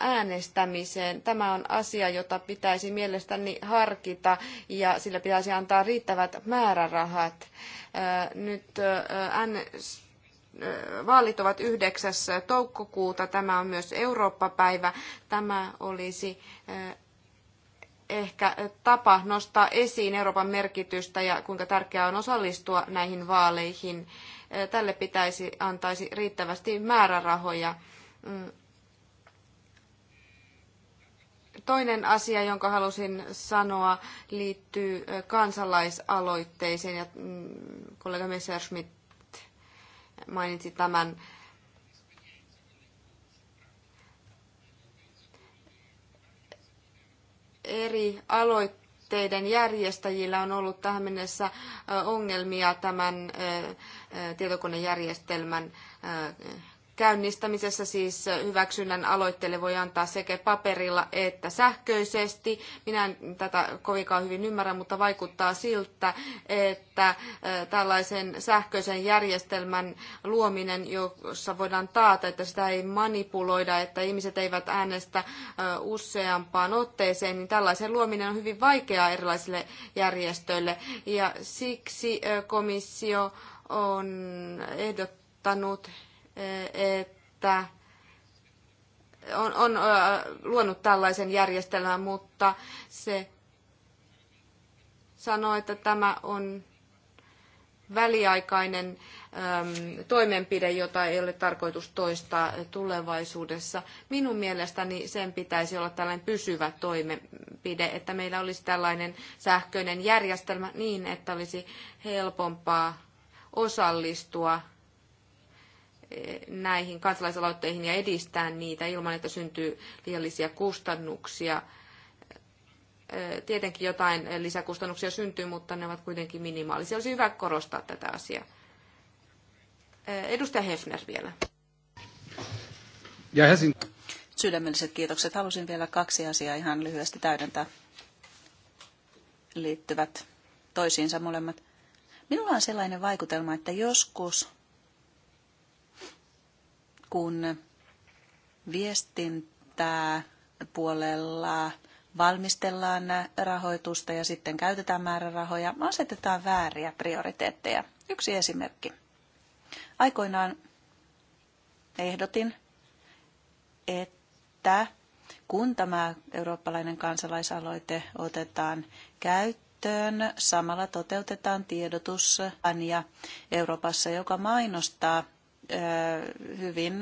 B: äänestämiseen. Tämä on asia, jota pitäisi mielestäni harkita ja sillä pitäisi antaa riittävät määrärahat. Nyt äänestys vaalit ovat 9. toukokuuta. Tämä on myös Eurooppa-päivä. Tämä olisi ehkä tapa nostaa esiin Euroopan merkitystä ja kuinka tärkeää on osallistua näihin vaaleihin. Tälle pitäisi antaisi riittävästi määrärahoja. Mm. Toinen asia, jonka halusin sanoa, liittyy kansalaisaloitteeseen ja mm, kollega Messerschmidt mainitsi tämän eri aloitteiden järjestäjillä on ollut tähän mennessä ongelmia tämän tietokonejärjestelmän Käynnistämisessä siis hyväksynnän aloitteelle voi antaa sekä paperilla että sähköisesti. Minä en tätä kovinkaan hyvin ymmärrä, mutta vaikuttaa siltä, että äh, tällaisen sähköisen järjestelmän luominen, jossa voidaan taata, että sitä ei manipuloida, että ihmiset eivät äänestä äh, useampaan otteeseen, niin tällaisen luominen on hyvin vaikeaa erilaisille järjestöille. Ja siksi äh, komissio on ehdottanut että on, on luonut tällaisen järjestelmän, mutta se sanoi, että tämä on väliaikainen äm, toimenpide, jota ei ole tarkoitus toistaa tulevaisuudessa. Minun mielestäni sen pitäisi olla tällainen pysyvä toimenpide, että meillä olisi tällainen sähköinen järjestelmä niin, että olisi helpompaa osallistua näihin kansalaisaloitteihin ja edistää niitä ilman, että syntyy liiallisia kustannuksia. Tietenkin jotain lisäkustannuksia syntyy, mutta ne ovat kuitenkin minimaalisia. Olisi hyvä korostaa tätä asiaa. Edustaja Hefner vielä.
A: Ja Sydämelliset kiitokset. Halusin vielä kaksi asiaa ihan lyhyesti täydentää. Liittyvät toisiinsa molemmat. Minulla on sellainen vaikutelma, että joskus kun viestintää puolella valmistellaan rahoitusta ja sitten käytetään määrärahoja, asetetaan vääriä prioriteetteja. Yksi esimerkki. Aikoinaan ehdotin, että kun tämä eurooppalainen kansalaisaloite otetaan käyttöön, samalla toteutetaan tiedotus Euroopassa, joka mainostaa hyvin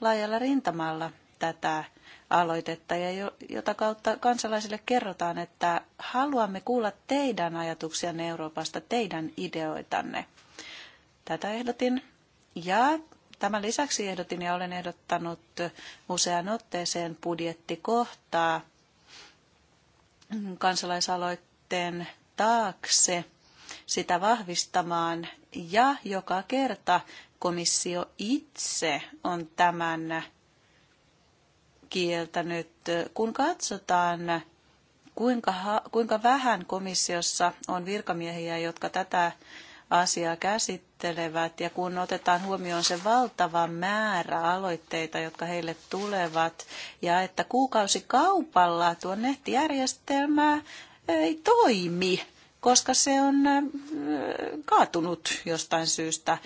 A: laajalla rintamalla tätä aloitetta, ja jota kautta kansalaisille kerrotaan, että haluamme kuulla teidän ajatuksianne Euroopasta, teidän ideoitanne. Tätä ehdotin. Ja tämän lisäksi ehdotin ja olen ehdottanut usean otteeseen budjettikohtaa kansalaisaloitteen taakse – sitä vahvistamaan. Ja joka kerta komissio itse on tämän kieltänyt. Kun katsotaan, kuinka, kuinka vähän komissiossa on virkamiehiä, jotka tätä asiaa käsittelevät, ja kun otetaan huomioon se valtava määrä aloitteita, jotka heille tulevat, ja että kuukausikaupalla tuo nettijärjestelmä ei toimi, koska se on kaatunut jostain syystä.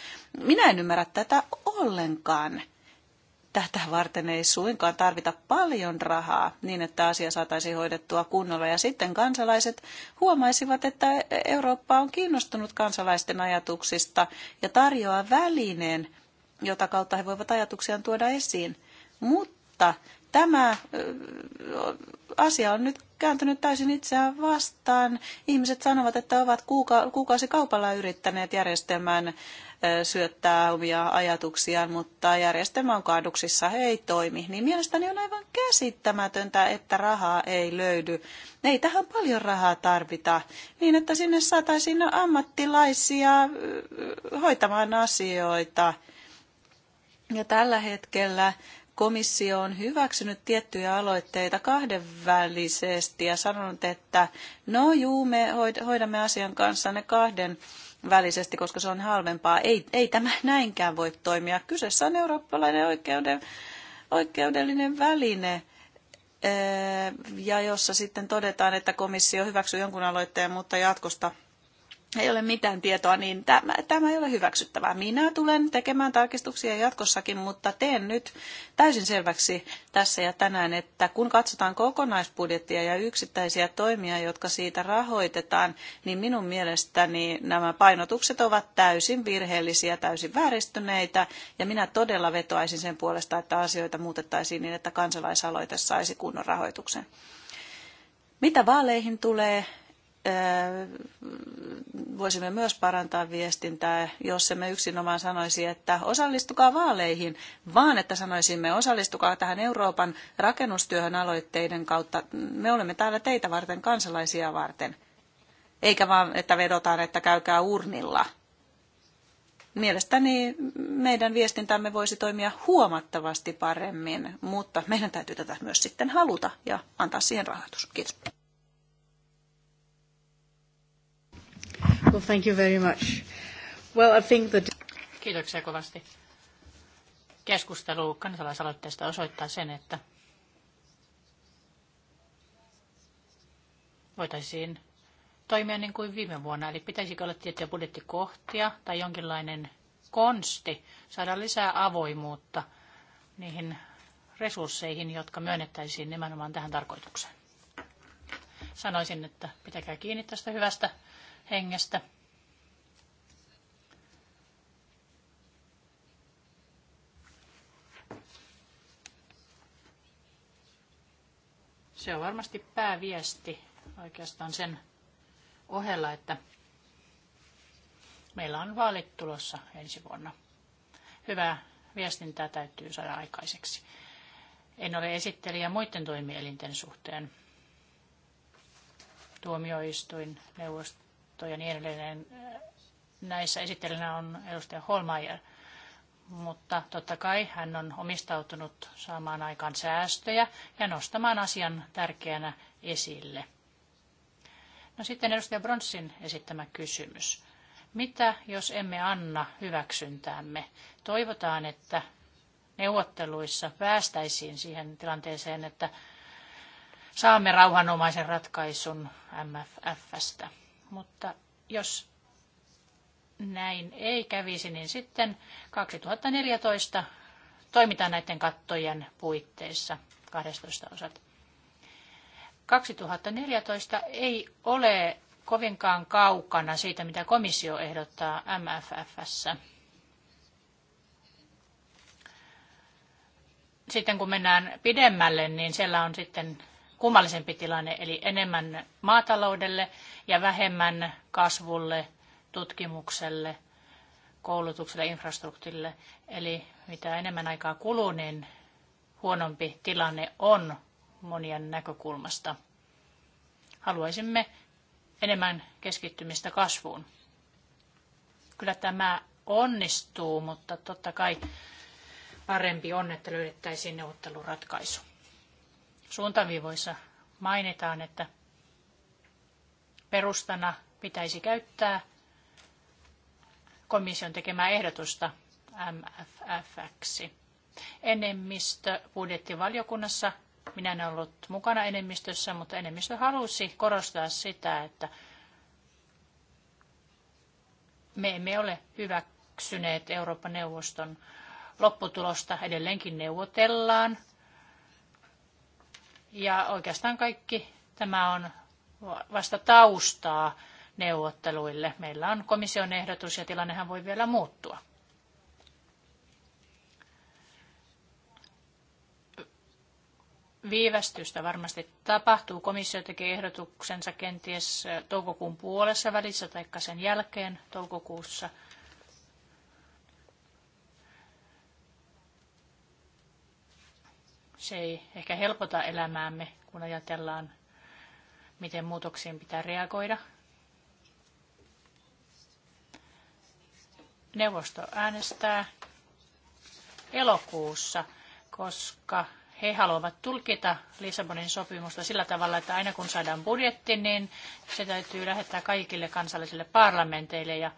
A: Minä en ymmärrä tätä ollenkaan. Tätä varten ei suinkaan tarvita paljon rahaa niin, että asia saataisiin hoidettua kunnolla. Ja sitten kansalaiset huomaisivat, että Eurooppa on kiinnostunut kansalaisten ajatuksista ja tarjoaa välineen, jota kautta he voivat ajatuksiaan tuoda esiin. Mutta mutta tämä asia on nyt kääntynyt täysin itseään vastaan. Ihmiset sanovat, että ovat kuuka, kuukausi kaupalla yrittäneet järjestelmään syöttää omia ajatuksiaan, mutta järjestelmä on kaaduksissa, he ei toimi. Niin mielestäni on aivan käsittämätöntä, että rahaa ei löydy. Ei tähän paljon rahaa tarvita, niin että sinne saataisiin ammattilaisia hoitamaan asioita. Ja tällä hetkellä komissio on hyväksynyt tiettyjä aloitteita kahdenvälisesti ja sanonut, että no juu, me hoidamme asian kanssa ne kahden välisesti, koska se on halvempaa. Ei, ei tämä näinkään voi toimia. Kyseessä on eurooppalainen oikeuden, oikeudellinen väline, eh, ja jossa sitten todetaan, että komissio hyväksyy jonkun aloitteen, mutta jatkosta ei ole mitään tietoa, niin tämä, tämä ei ole hyväksyttävää. Minä tulen tekemään tarkistuksia jatkossakin, mutta teen nyt täysin selväksi tässä ja tänään, että kun katsotaan kokonaisbudjettia ja yksittäisiä toimia, jotka siitä rahoitetaan, niin minun mielestäni nämä painotukset ovat täysin virheellisiä, täysin vääristyneitä, ja minä todella vetoaisin sen puolesta, että asioita muutettaisiin niin, että kansalaisaloite saisi kunnon rahoituksen. Mitä vaaleihin tulee, voisimme myös parantaa viestintää, jos emme yksinomaan sanoisi, että osallistukaa vaaleihin, vaan että sanoisimme osallistukaa tähän Euroopan rakennustyöhön aloitteiden kautta. Me olemme täällä teitä varten, kansalaisia varten. Eikä vaan, että vedotaan, että käykää urnilla. Mielestäni meidän viestintämme voisi toimia huomattavasti paremmin, mutta meidän täytyy tätä myös sitten haluta ja antaa siihen
B: rahoitus. Kiitos. Well, thank you very much. Well, I think that...
C: Kiitoksia kovasti. Keskustelu kansalaisaloitteesta osoittaa sen, että voitaisiin toimia niin kuin viime vuonna. Eli pitäisikö olla tiettyjä budjettikohtia tai jonkinlainen konsti saada lisää avoimuutta niihin resursseihin, jotka myönnettäisiin nimenomaan tähän tarkoitukseen. Sanoisin, että pitäkää kiinni tästä hyvästä hengestä. Se on varmasti pääviesti oikeastaan sen ohella, että meillä on vaalit tulossa ensi vuonna. Hyvää viestintää täytyy saada aikaiseksi. En ole esittelijä muiden toimielinten suhteen. Tuomioistuin, neuvosto, vastaanotto ja niin edelleen. Näissä esittelynä on edustaja Holmeier. Mutta totta kai hän on omistautunut saamaan aikaan säästöjä ja nostamaan asian tärkeänä esille. No sitten edustaja Bronssin esittämä kysymys. Mitä, jos emme anna hyväksyntäämme? Toivotaan, että neuvotteluissa päästäisiin siihen tilanteeseen, että saamme rauhanomaisen ratkaisun MFFstä mutta jos näin ei kävisi, niin sitten 2014 toimitaan näiden kattojen puitteissa 12 osat. 2014 ei ole kovinkaan kaukana siitä, mitä komissio ehdottaa MFFssä. Sitten kun mennään pidemmälle, niin siellä on sitten kummallisempi tilanne, eli enemmän maataloudelle ja vähemmän kasvulle, tutkimukselle, koulutukselle, infrastruktuurille. Eli mitä enemmän aikaa kuluu, niin huonompi tilanne on monien näkökulmasta. Haluaisimme enemmän keskittymistä kasvuun. Kyllä tämä onnistuu, mutta totta kai parempi on, että löydettäisiin neuvotteluratkaisu suuntaviivoissa mainitaan, että perustana pitäisi käyttää komission tekemää ehdotusta MFFksi. Enemmistö budjettivaliokunnassa, minä en ollut mukana enemmistössä, mutta enemmistö halusi korostaa sitä, että me emme ole hyväksyneet Euroopan neuvoston lopputulosta. Edelleenkin neuvotellaan ja oikeastaan kaikki tämä on vasta taustaa neuvotteluille. Meillä on komission ehdotus ja tilannehan voi vielä muuttua. Viivästystä varmasti tapahtuu. Komissio tekee ehdotuksensa kenties toukokuun puolessa välissä tai sen jälkeen toukokuussa – Se ei ehkä helpota elämäämme, kun ajatellaan, miten muutoksiin pitää reagoida. Neuvosto äänestää elokuussa, koska he haluavat tulkita Lissabonin sopimusta sillä tavalla, että aina kun saadaan budjetti, niin se täytyy lähettää kaikille kansallisille parlamenteille ja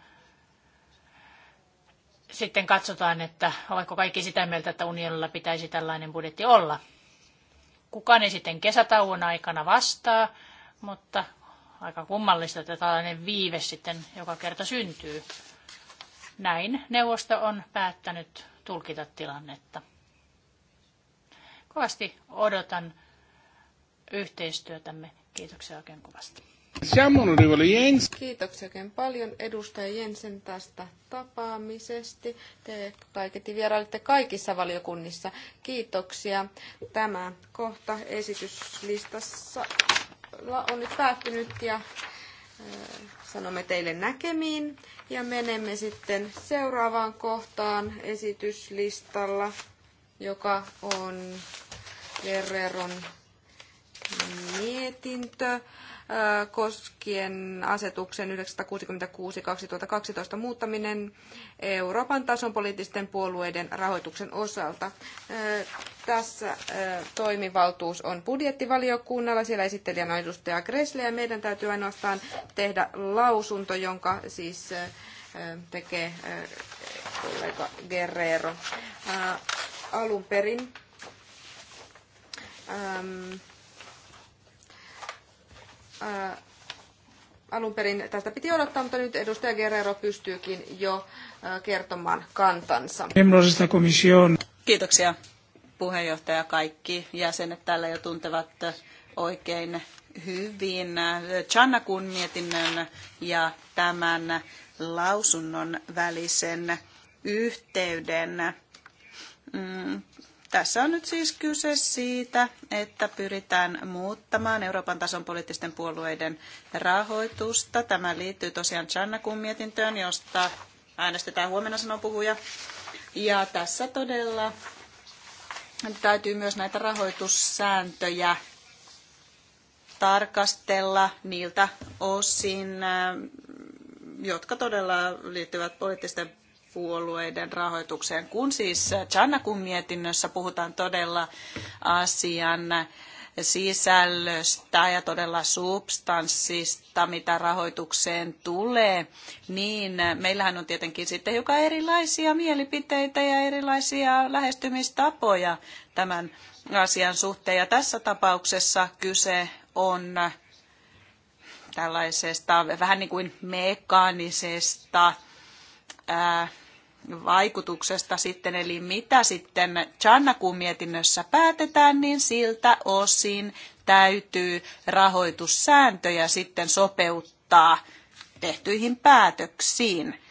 C: sitten katsotaan, että ovatko kaikki sitä mieltä, että unionilla pitäisi tällainen budjetti olla. Kukaan ei sitten kesätauon aikana vastaa, mutta aika kummallista, että tällainen viive sitten joka kerta syntyy. Näin neuvosto on päättänyt tulkita tilannetta. Kovasti odotan yhteistyötämme.
B: Kiitoksia oikein kovasti. Kiitoksia oikein paljon edustaja Jensen tästä tapaamisesta. Te kaiketi vierailitte kaikissa valiokunnissa. Kiitoksia. Tämä kohta esityslistassa on nyt päättynyt ja äh, sanomme teille näkemiin ja menemme sitten seuraavaan kohtaan esityslistalla, joka on Guerreron mietintö koskien asetuksen 966-2012 muuttaminen Euroopan tason poliittisten puolueiden rahoituksen osalta. Tässä toimivaltuus on budjettivaliokunnalla. Siellä esittelijänä on edustaja Gressle ja meidän täytyy ainoastaan tehdä lausunto, jonka siis tekee kollega Guerrero. Alun perin alun perin tästä piti odottaa, mutta nyt edustaja Guerrero pystyykin jo kertomaan kantansa.
A: Kiitoksia puheenjohtaja kaikki jäsenet täällä jo tuntevat oikein hyvin Channakun mietinnön ja tämän lausunnon välisen yhteyden. Mm, tässä on nyt siis kyse siitä, että pyritään muuttamaan Euroopan tason poliittisten puolueiden rahoitusta. Tämä liittyy tosiaan Channakun mietintöön, josta äänestetään huomenna, sanoo puhuja. Ja tässä todella täytyy myös näitä rahoitussääntöjä tarkastella niiltä osin, jotka todella liittyvät poliittisten puolueiden rahoitukseen. Kun siis Chanakun mietinnössä puhutaan todella asian sisällöstä ja todella substanssista, mitä rahoitukseen tulee, niin meillähän on tietenkin sitten hiukan erilaisia mielipiteitä ja erilaisia lähestymistapoja tämän asian suhteen. Ja tässä tapauksessa kyse on tällaisesta vähän niin kuin mekaanisesta ää, vaikutuksesta sitten, eli mitä sitten Channakun mietinnössä päätetään, niin siltä osin täytyy rahoitussääntöjä sitten sopeuttaa tehtyihin päätöksiin,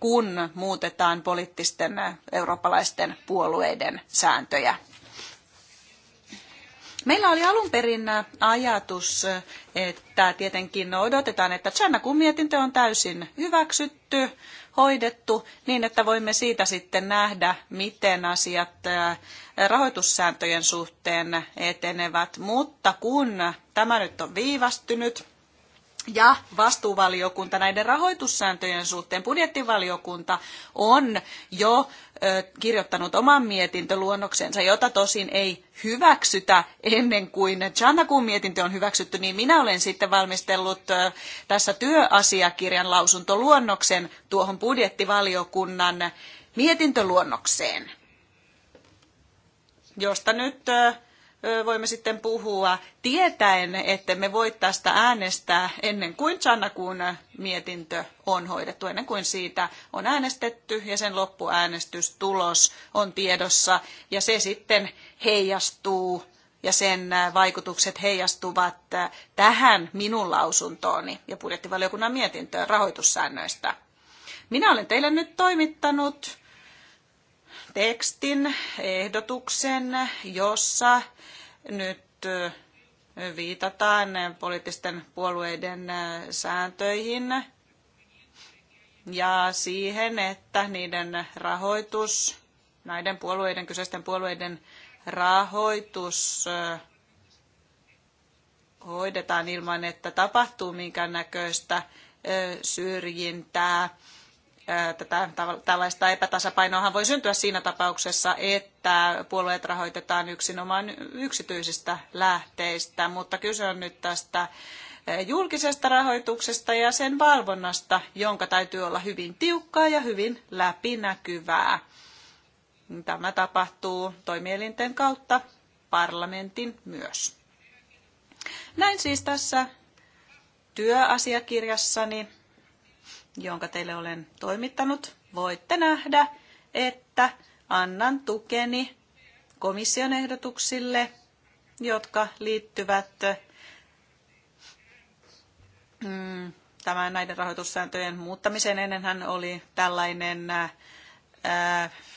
A: kun muutetaan poliittisten eurooppalaisten puolueiden sääntöjä. Meillä oli alun perin äh, ajatus, äh, että tietenkin odotetaan, että Tsannakun mietintö on täysin hyväksytty, hoidettu, niin että voimme siitä sitten nähdä, miten asiat äh, rahoitussääntöjen suhteen etenevät. Mutta kun tämä nyt on viivästynyt, ja vastuuvaliokunta näiden rahoitussääntöjen suhteen, budjettivaliokunta, on jo kirjoittanut oman mietintöluonnoksensa, jota tosin ei hyväksytä ennen kuin Chanakun mietintö on hyväksytty, niin minä olen sitten valmistellut tässä työasiakirjan lausuntoluonnoksen tuohon budjettivaliokunnan mietintöluonnokseen, josta nyt voimme sitten puhua tietäen, että me voi tästä äänestää ennen kuin Channakuun mietintö on hoidettu, ennen kuin siitä on äänestetty ja sen loppuäänestystulos on tiedossa ja se sitten heijastuu ja sen vaikutukset heijastuvat tähän minun lausuntooni ja budjettivaliokunnan mietintöön rahoitussäännöistä. Minä olen teille nyt toimittanut tekstin, ehdotuksen, jossa nyt viitataan poliittisten puolueiden sääntöihin ja siihen, että niiden rahoitus, näiden puolueiden, kyseisten puolueiden rahoitus hoidetaan ilman, että tapahtuu minkäännäköistä syrjintää tätä, tällaista epätasapainoahan voi syntyä siinä tapauksessa, että puolueet rahoitetaan yksinomaan yksityisistä lähteistä, mutta kyse on nyt tästä julkisesta rahoituksesta ja sen valvonnasta, jonka täytyy olla hyvin tiukkaa ja hyvin läpinäkyvää. Tämä tapahtuu toimielinten kautta, parlamentin myös. Näin siis tässä työasiakirjassani jonka teille olen toimittanut, voitte nähdä, että annan tukeni komission ehdotuksille, jotka liittyvät mm, tämän näiden rahoitussääntöjen muuttamiseen. Ennenhän oli tällainen äh,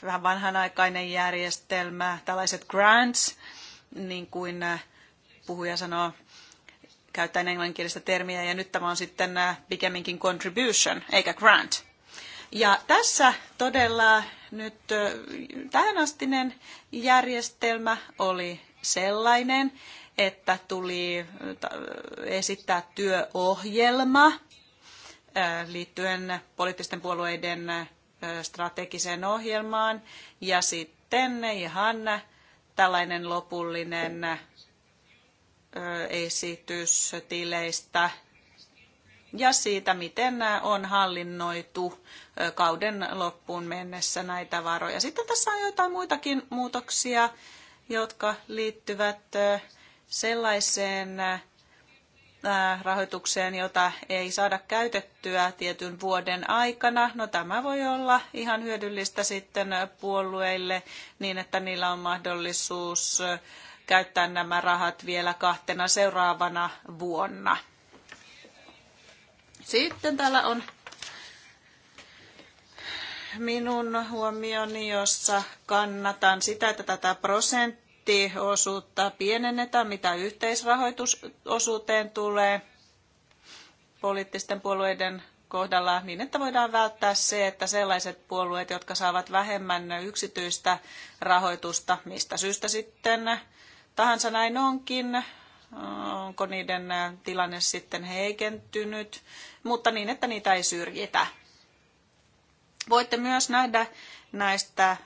A: vähän vanhanaikainen järjestelmä, tällaiset grants, niin kuin äh, puhuja sanoo käyttäen englanninkielistä termiä, ja nyt tämä on sitten äh, pikemminkin contribution, eikä grant. Ja tässä todella nyt äh, tähänastinen järjestelmä oli sellainen, että tuli äh, esittää työohjelma liittyen poliittisten puolueiden strategiseen ohjelmaan ja sitten ihan tällainen lopullinen esitys tileistä ja siitä, miten on hallinnoitu kauden loppuun mennessä näitä varoja. Sitten tässä on joitain muitakin muutoksia, jotka liittyvät sellaiseen rahoitukseen, jota ei saada käytettyä tietyn vuoden aikana. No tämä voi olla ihan hyödyllistä sitten puolueille niin, että niillä on mahdollisuus käyttää nämä rahat vielä kahtena seuraavana vuonna. Sitten täällä on minun huomioni, jossa kannatan sitä, että tätä prosenttiosuutta pienennetään, mitä yhteisrahoitusosuuteen tulee poliittisten puolueiden kohdalla, niin että voidaan välttää se, että sellaiset puolueet, jotka saavat vähemmän yksityistä rahoitusta, mistä syystä sitten tahansa näin onkin, onko niiden tilanne sitten heikentynyt, mutta niin, että niitä ei syrjitä. Voitte myös nähdä näistä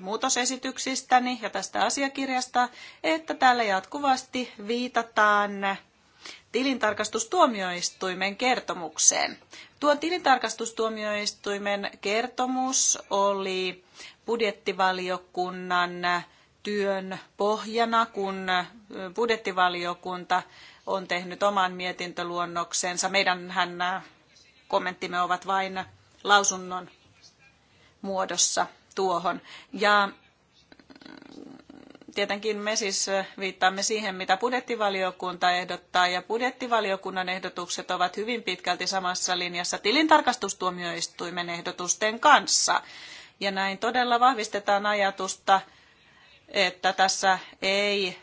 A: muutosesityksistäni ja tästä asiakirjasta, että täällä jatkuvasti viitataan tilintarkastustuomioistuimen kertomukseen. Tuo tilintarkastustuomioistuimen kertomus oli budjettivaliokunnan työn pohjana, kun budjettivaliokunta on tehnyt oman mietintöluonnoksensa. Meidänhän nämä kommenttimme ovat vain lausunnon muodossa tuohon. Ja mm, tietenkin me siis viittaamme siihen, mitä budjettivaliokunta ehdottaa, ja budjettivaliokunnan ehdotukset ovat hyvin pitkälti samassa linjassa tilintarkastustuomioistuimen ehdotusten kanssa. Ja näin todella vahvistetaan ajatusta että tässä ei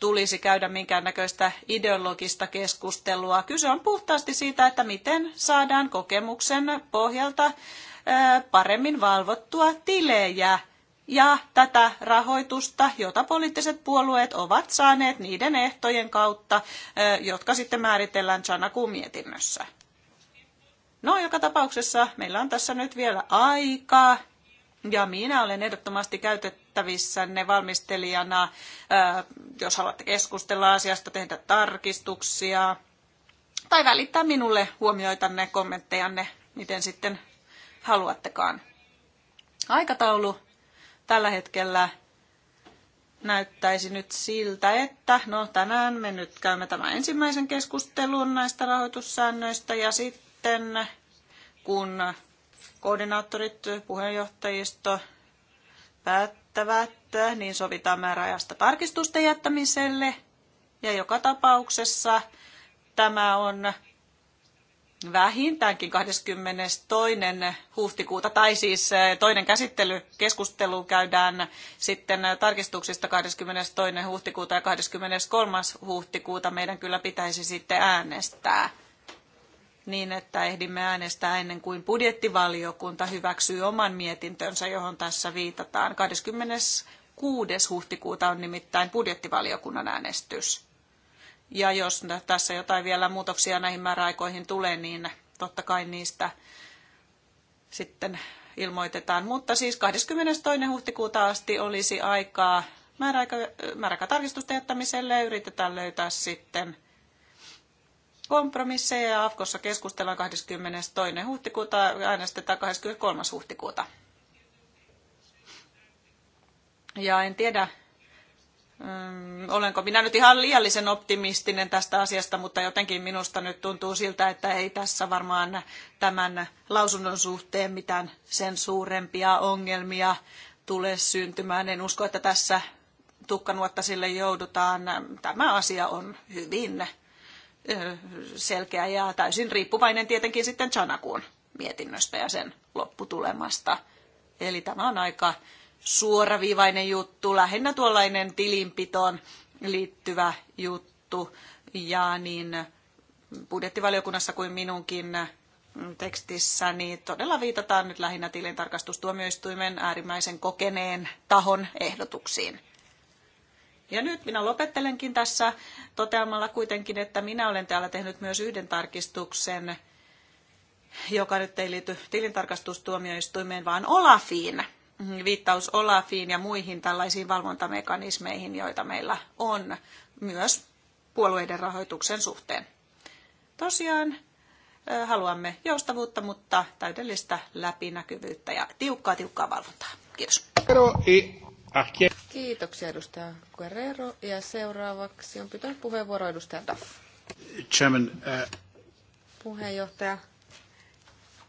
A: tulisi käydä minkäännäköistä ideologista keskustelua. Kyse on puhtaasti siitä, että miten saadaan kokemuksen pohjalta paremmin valvottua tilejä ja tätä rahoitusta, jota poliittiset puolueet ovat saaneet niiden ehtojen kautta, jotka sitten määritellään Chanakuun mietinnössä. No, joka tapauksessa meillä on tässä nyt vielä aikaa ja minä olen ehdottomasti käytettävissänne valmistelijana, jos haluatte keskustella asiasta, tehdä tarkistuksia tai välittää minulle huomioitanne, kommenttejanne, miten sitten haluattekaan. Aikataulu tällä hetkellä näyttäisi nyt siltä, että no tänään me nyt käymme tämän ensimmäisen keskustelun näistä rahoitussäännöistä ja sitten kun koordinaattorit, puheenjohtajisto päättävät, niin sovitaan määräajasta tarkistusten jättämiselle. Ja joka tapauksessa tämä on vähintäänkin 22. huhtikuuta, tai siis eh, toinen käsittely, keskustelu käydään sitten tarkistuksista 22. huhtikuuta ja 23. huhtikuuta meidän kyllä pitäisi sitten äänestää niin, että ehdimme äänestää ennen kuin budjettivaliokunta hyväksyy oman mietintönsä, johon tässä viitataan. 26. huhtikuuta on nimittäin budjettivaliokunnan äänestys. Ja jos tässä jotain vielä muutoksia näihin määräaikoihin tulee, niin totta kai niistä sitten ilmoitetaan. Mutta siis 22. huhtikuuta asti olisi aikaa määräaika, määräaikatarkistusten jättämiselle. Yritetään löytää sitten kompromisseja ja Afkossa keskustellaan 22. huhtikuuta äänestetään 23. huhtikuuta. Ja en tiedä, mm, olenko minä nyt ihan liiallisen optimistinen tästä asiasta, mutta jotenkin minusta nyt tuntuu siltä, että ei tässä varmaan tämän lausunnon suhteen mitään sen suurempia ongelmia tule syntymään. En usko, että tässä sille joudutaan. Tämä asia on hyvin selkeä ja täysin riippuvainen tietenkin sitten Chanakuun mietinnöstä ja sen lopputulemasta. Eli tämä on aika suoraviivainen juttu, lähinnä tuollainen tilinpitoon liittyvä juttu. Ja niin budjettivaliokunnassa kuin minunkin tekstissä, niin todella viitataan nyt lähinnä tilintarkastustuomioistuimen äärimmäisen kokeneen tahon ehdotuksiin. Ja nyt minä lopettelenkin tässä toteamalla kuitenkin, että minä olen täällä tehnyt myös yhden tarkistuksen, joka nyt ei liity tilintarkastustuomioistuimeen, vaan Olafiin. Viittaus Olafiin ja muihin tällaisiin valvontamekanismeihin, joita meillä on myös puolueiden rahoituksen suhteen. Tosiaan haluamme joustavuutta, mutta täydellistä läpinäkyvyyttä ja tiukkaa, tiukkaa valvontaa. Kiitos.
B: Kiitoksia edustaja Guerrero. Ja seuraavaksi on pitänyt puheenvuoro edustaja Duff.
A: Chairman, uh...
B: Puheenjohtaja,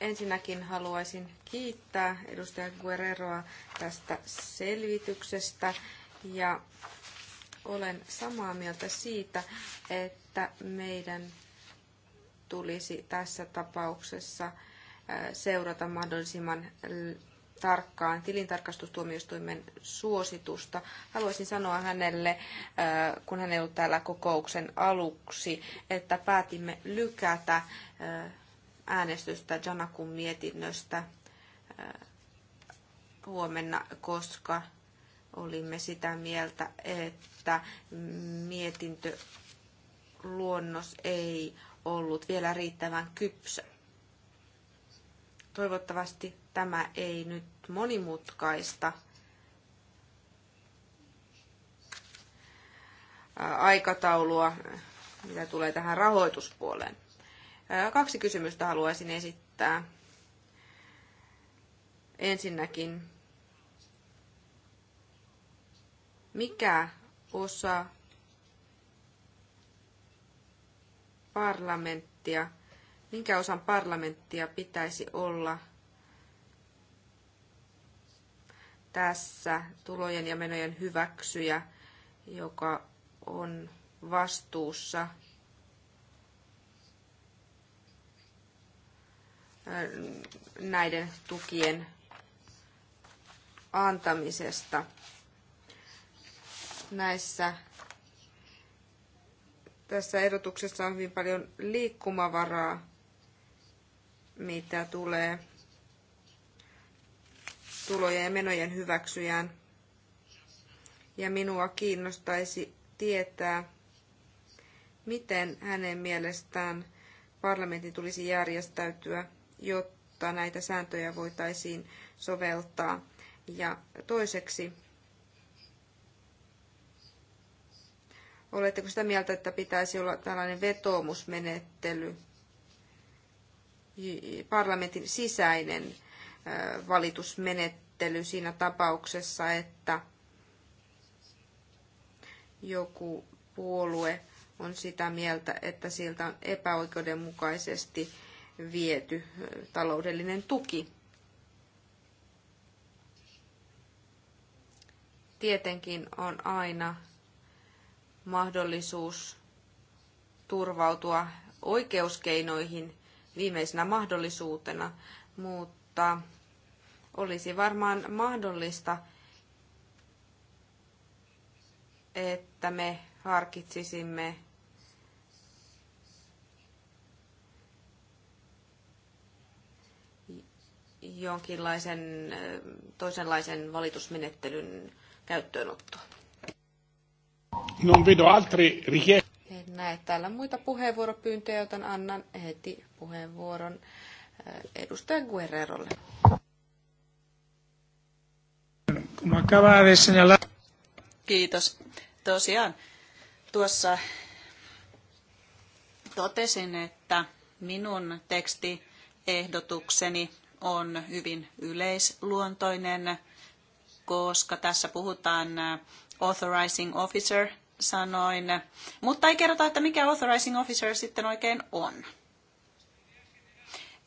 B: ensinnäkin haluaisin kiittää edustaja Guerreroa tästä selvityksestä ja olen samaa mieltä siitä, että meidän tulisi tässä tapauksessa uh, seurata mahdollisimman tarkkaan tilintarkastustuomioistuimen suositusta. Haluaisin sanoa hänelle, äh, kun hän ei ollut täällä kokouksen aluksi, että päätimme lykätä äh, äänestystä Janakun mietinnöstä äh, huomenna, koska olimme sitä mieltä, että mietintö luonnos ei ollut vielä riittävän kypsä. Toivottavasti tämä ei nyt monimutkaista aikataulua, mitä tulee tähän rahoituspuoleen. Kaksi kysymystä haluaisin esittää. Ensinnäkin, mikä osa parlamenttia, minkä osan parlamenttia pitäisi olla – tässä tulojen ja menojen hyväksyjä, joka on vastuussa äh, näiden tukien antamisesta. Näissä tässä ehdotuksessa on hyvin paljon liikkumavaraa, mitä tulee tulojen ja menojen hyväksyjään. Ja minua kiinnostaisi tietää, miten hänen mielestään parlamentin tulisi järjestäytyä, jotta näitä sääntöjä voitaisiin soveltaa. Ja toiseksi, oletteko sitä mieltä, että pitäisi olla tällainen vetoomusmenettely, parlamentin sisäinen valitusmenettely siinä tapauksessa, että joku puolue on sitä mieltä, että siltä on epäoikeudenmukaisesti viety taloudellinen tuki. Tietenkin on aina mahdollisuus turvautua oikeuskeinoihin viimeisenä mahdollisuutena, mutta olisi varmaan mahdollista, että me harkitsisimme jonkinlaisen toisenlaisen valitusmenettelyn käyttöönottoa.
A: Non no, vedo altri richieste.
B: En näe täällä muita puheenvuoropyyntöjä, joten annan heti puheenvuoron eh, edustaja Guerrerolle.
A: Kiitos. Tosiaan, tuossa totesin, että minun tekstiehdotukseni on hyvin yleisluontoinen, koska tässä puhutaan authorizing officer sanoin, mutta ei kerrota, että mikä authorizing officer sitten oikein on.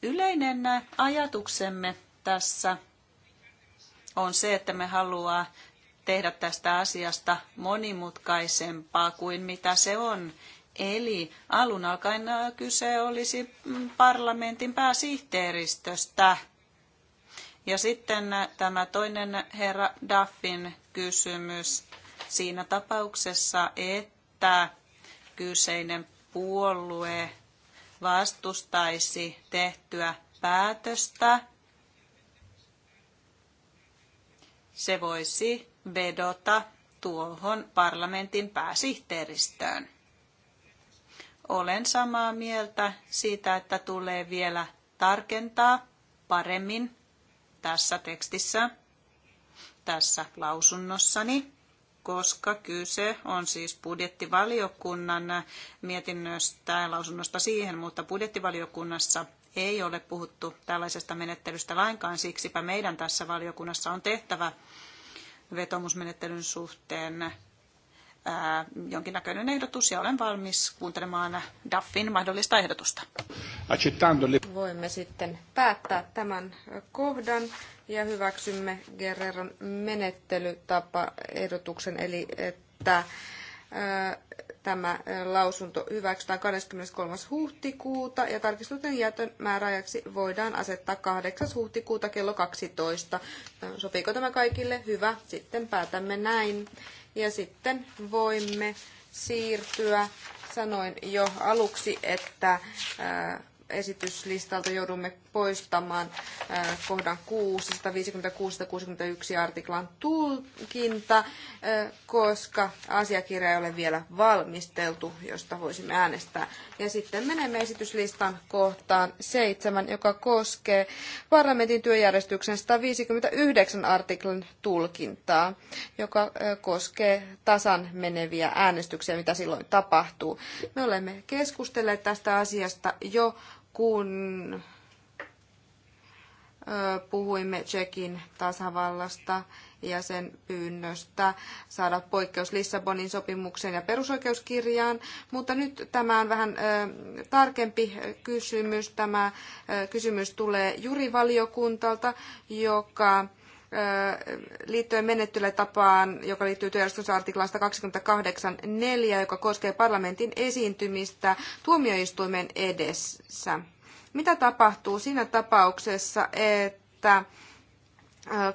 A: Yleinen ajatuksemme tässä on se, että me haluaa tehdä tästä asiasta monimutkaisempaa kuin mitä se on. Eli alun alkaen äh, kyse olisi mm, parlamentin pääsihteeristöstä. Ja sitten äh, tämä toinen herra Duffin kysymys siinä tapauksessa, että kyseinen puolue vastustaisi tehtyä päätöstä, se voisi vedota tuohon parlamentin pääsihteeristöön. Olen samaa mieltä siitä, että tulee vielä tarkentaa paremmin tässä tekstissä, tässä lausunnossani, koska kyse on siis budjettivaliokunnan mietinnöstä ja lausunnosta siihen, mutta budjettivaliokunnassa – ei ole puhuttu tällaisesta menettelystä lainkaan. Siksipä meidän tässä valiokunnassa on tehtävä vetomusmenettelyn suhteen ää, jonkinnäköinen ehdotus ja olen
B: valmis kuuntelemaan Daffin mahdollista ehdotusta. Voimme sitten päättää tämän kohdan ja hyväksymme Guerreron menettelytapa ehdotuksen eli että tämä lausunto hyväksytään 23. huhtikuuta ja tarkistusten jätön määräajaksi voidaan asettaa 8. huhtikuuta kello 12. Sopiiko tämä kaikille? Hyvä. Sitten päätämme näin. Ja sitten voimme siirtyä. Sanoin jo aluksi, että esityslistalta joudumme poistamaan äh, kohdan 6, 156-161 artiklan tulkinta, äh, koska asiakirja ei ole vielä valmisteltu, josta voisimme äänestää. Ja sitten menemme esityslistan kohtaan 7, joka koskee parlamentin työjärjestyksen 159 artiklan tulkintaa, joka äh, koskee tasan meneviä äänestyksiä, mitä silloin tapahtuu. Me olemme keskustelleet tästä asiasta jo kun puhuimme Tsekin tasavallasta ja sen pyynnöstä saada poikkeus Lissabonin sopimukseen ja perusoikeuskirjaan. Mutta nyt tämä on vähän tarkempi kysymys. Tämä kysymys tulee jurivaliokuntalta, joka liittyen menettelytapaan, joka liittyy työjärjestysartiklasta 28.4, joka koskee parlamentin esiintymistä tuomioistuimen edessä. Mitä tapahtuu siinä tapauksessa, että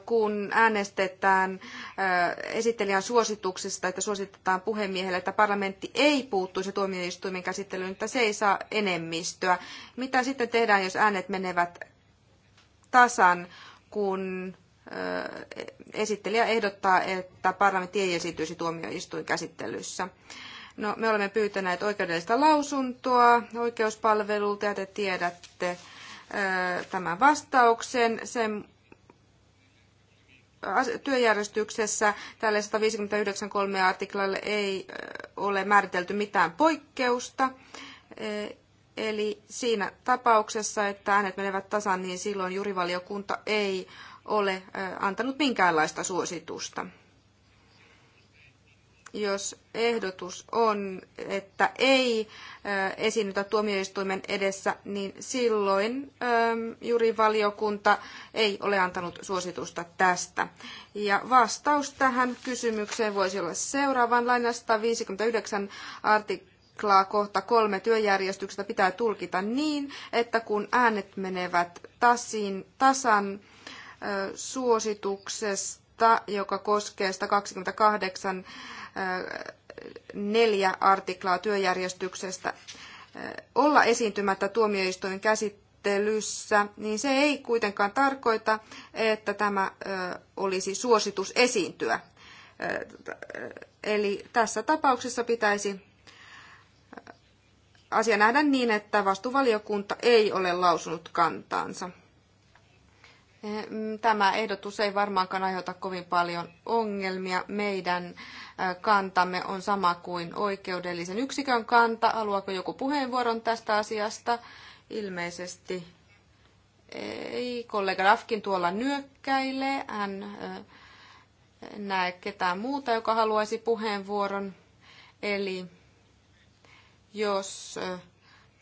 B: kun äänestetään esittelijän suosituksista, että suositetaan puhemiehelle, että parlamentti ei puuttuisi tuomioistuimen käsittelyyn, että se ei saa enemmistöä. Mitä sitten tehdään, jos äänet menevät tasan, kun esittelijä ehdottaa, että parlamentti ei esiintyisi tuomioistuin käsittelyssä. No, me olemme pyytäneet oikeudellista lausuntoa oikeuspalvelulta ja te tiedätte tämän vastauksen. Sen työjärjestyksessä tälle 159.3 artiklalle ei ole määritelty mitään poikkeusta. Eli siinä tapauksessa, että äänet menevät tasan, niin silloin jurivaliokunta ei ole antanut minkäänlaista suositusta. Jos ehdotus on, että ei esiinnytä tuomioistuimen edessä, niin silloin valiokunta ei ole antanut suositusta tästä. Ja vastaus tähän kysymykseen voisi olla seuraavan lainasta 59 artiklaa kohta kolme työjärjestyksestä pitää tulkita niin, että kun äänet menevät tasin, tasan, suosituksesta, joka koskee 128 neljä artiklaa työjärjestyksestä olla esiintymättä tuomioistuin käsittelyssä, niin se ei kuitenkaan tarkoita, että tämä olisi suositus esiintyä. Eli tässä tapauksessa pitäisi asia nähdä niin, että vastuvaliokunta ei ole lausunut kantaansa. Tämä ehdotus ei varmaankaan aiheuta kovin paljon ongelmia. Meidän kantamme on sama kuin oikeudellisen yksikön kanta. Haluaako joku puheenvuoron tästä asiasta? Ilmeisesti ei. Kollega Rafkin tuolla nyökkäilee. Hän näe ketään muuta, joka haluaisi puheenvuoron. Eli jos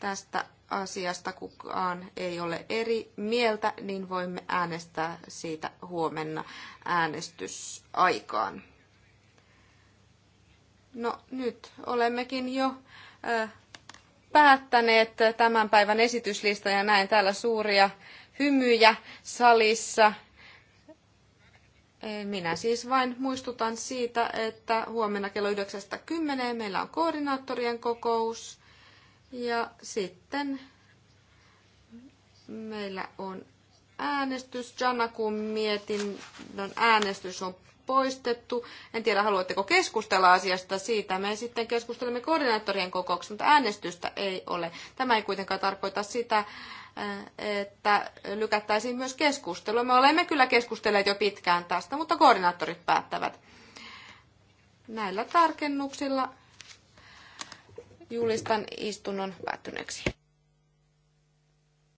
B: tästä asiasta kukaan ei ole eri mieltä, niin voimme äänestää siitä huomenna äänestysaikaan. No nyt olemmekin jo äh, päättäneet tämän päivän esityslista ja näen täällä suuria hymyjä salissa. Minä siis vain muistutan siitä, että huomenna kello 9.10 meillä on koordinaattorien kokous ja sitten meillä on äänestys. Janakun mietinnön äänestys on poistettu. En tiedä, haluatteko keskustella asiasta siitä. Me sitten keskustelemme koordinaattorien kokouksessa, mutta äänestystä ei ole. Tämä ei kuitenkaan tarkoita sitä, äh, että lykättäisiin myös keskustelua. Me olemme kyllä keskustelleet jo pitkään tästä, mutta koordinaattorit päättävät. Näillä tarkennuksilla Julistan istunnon päättyneeksi.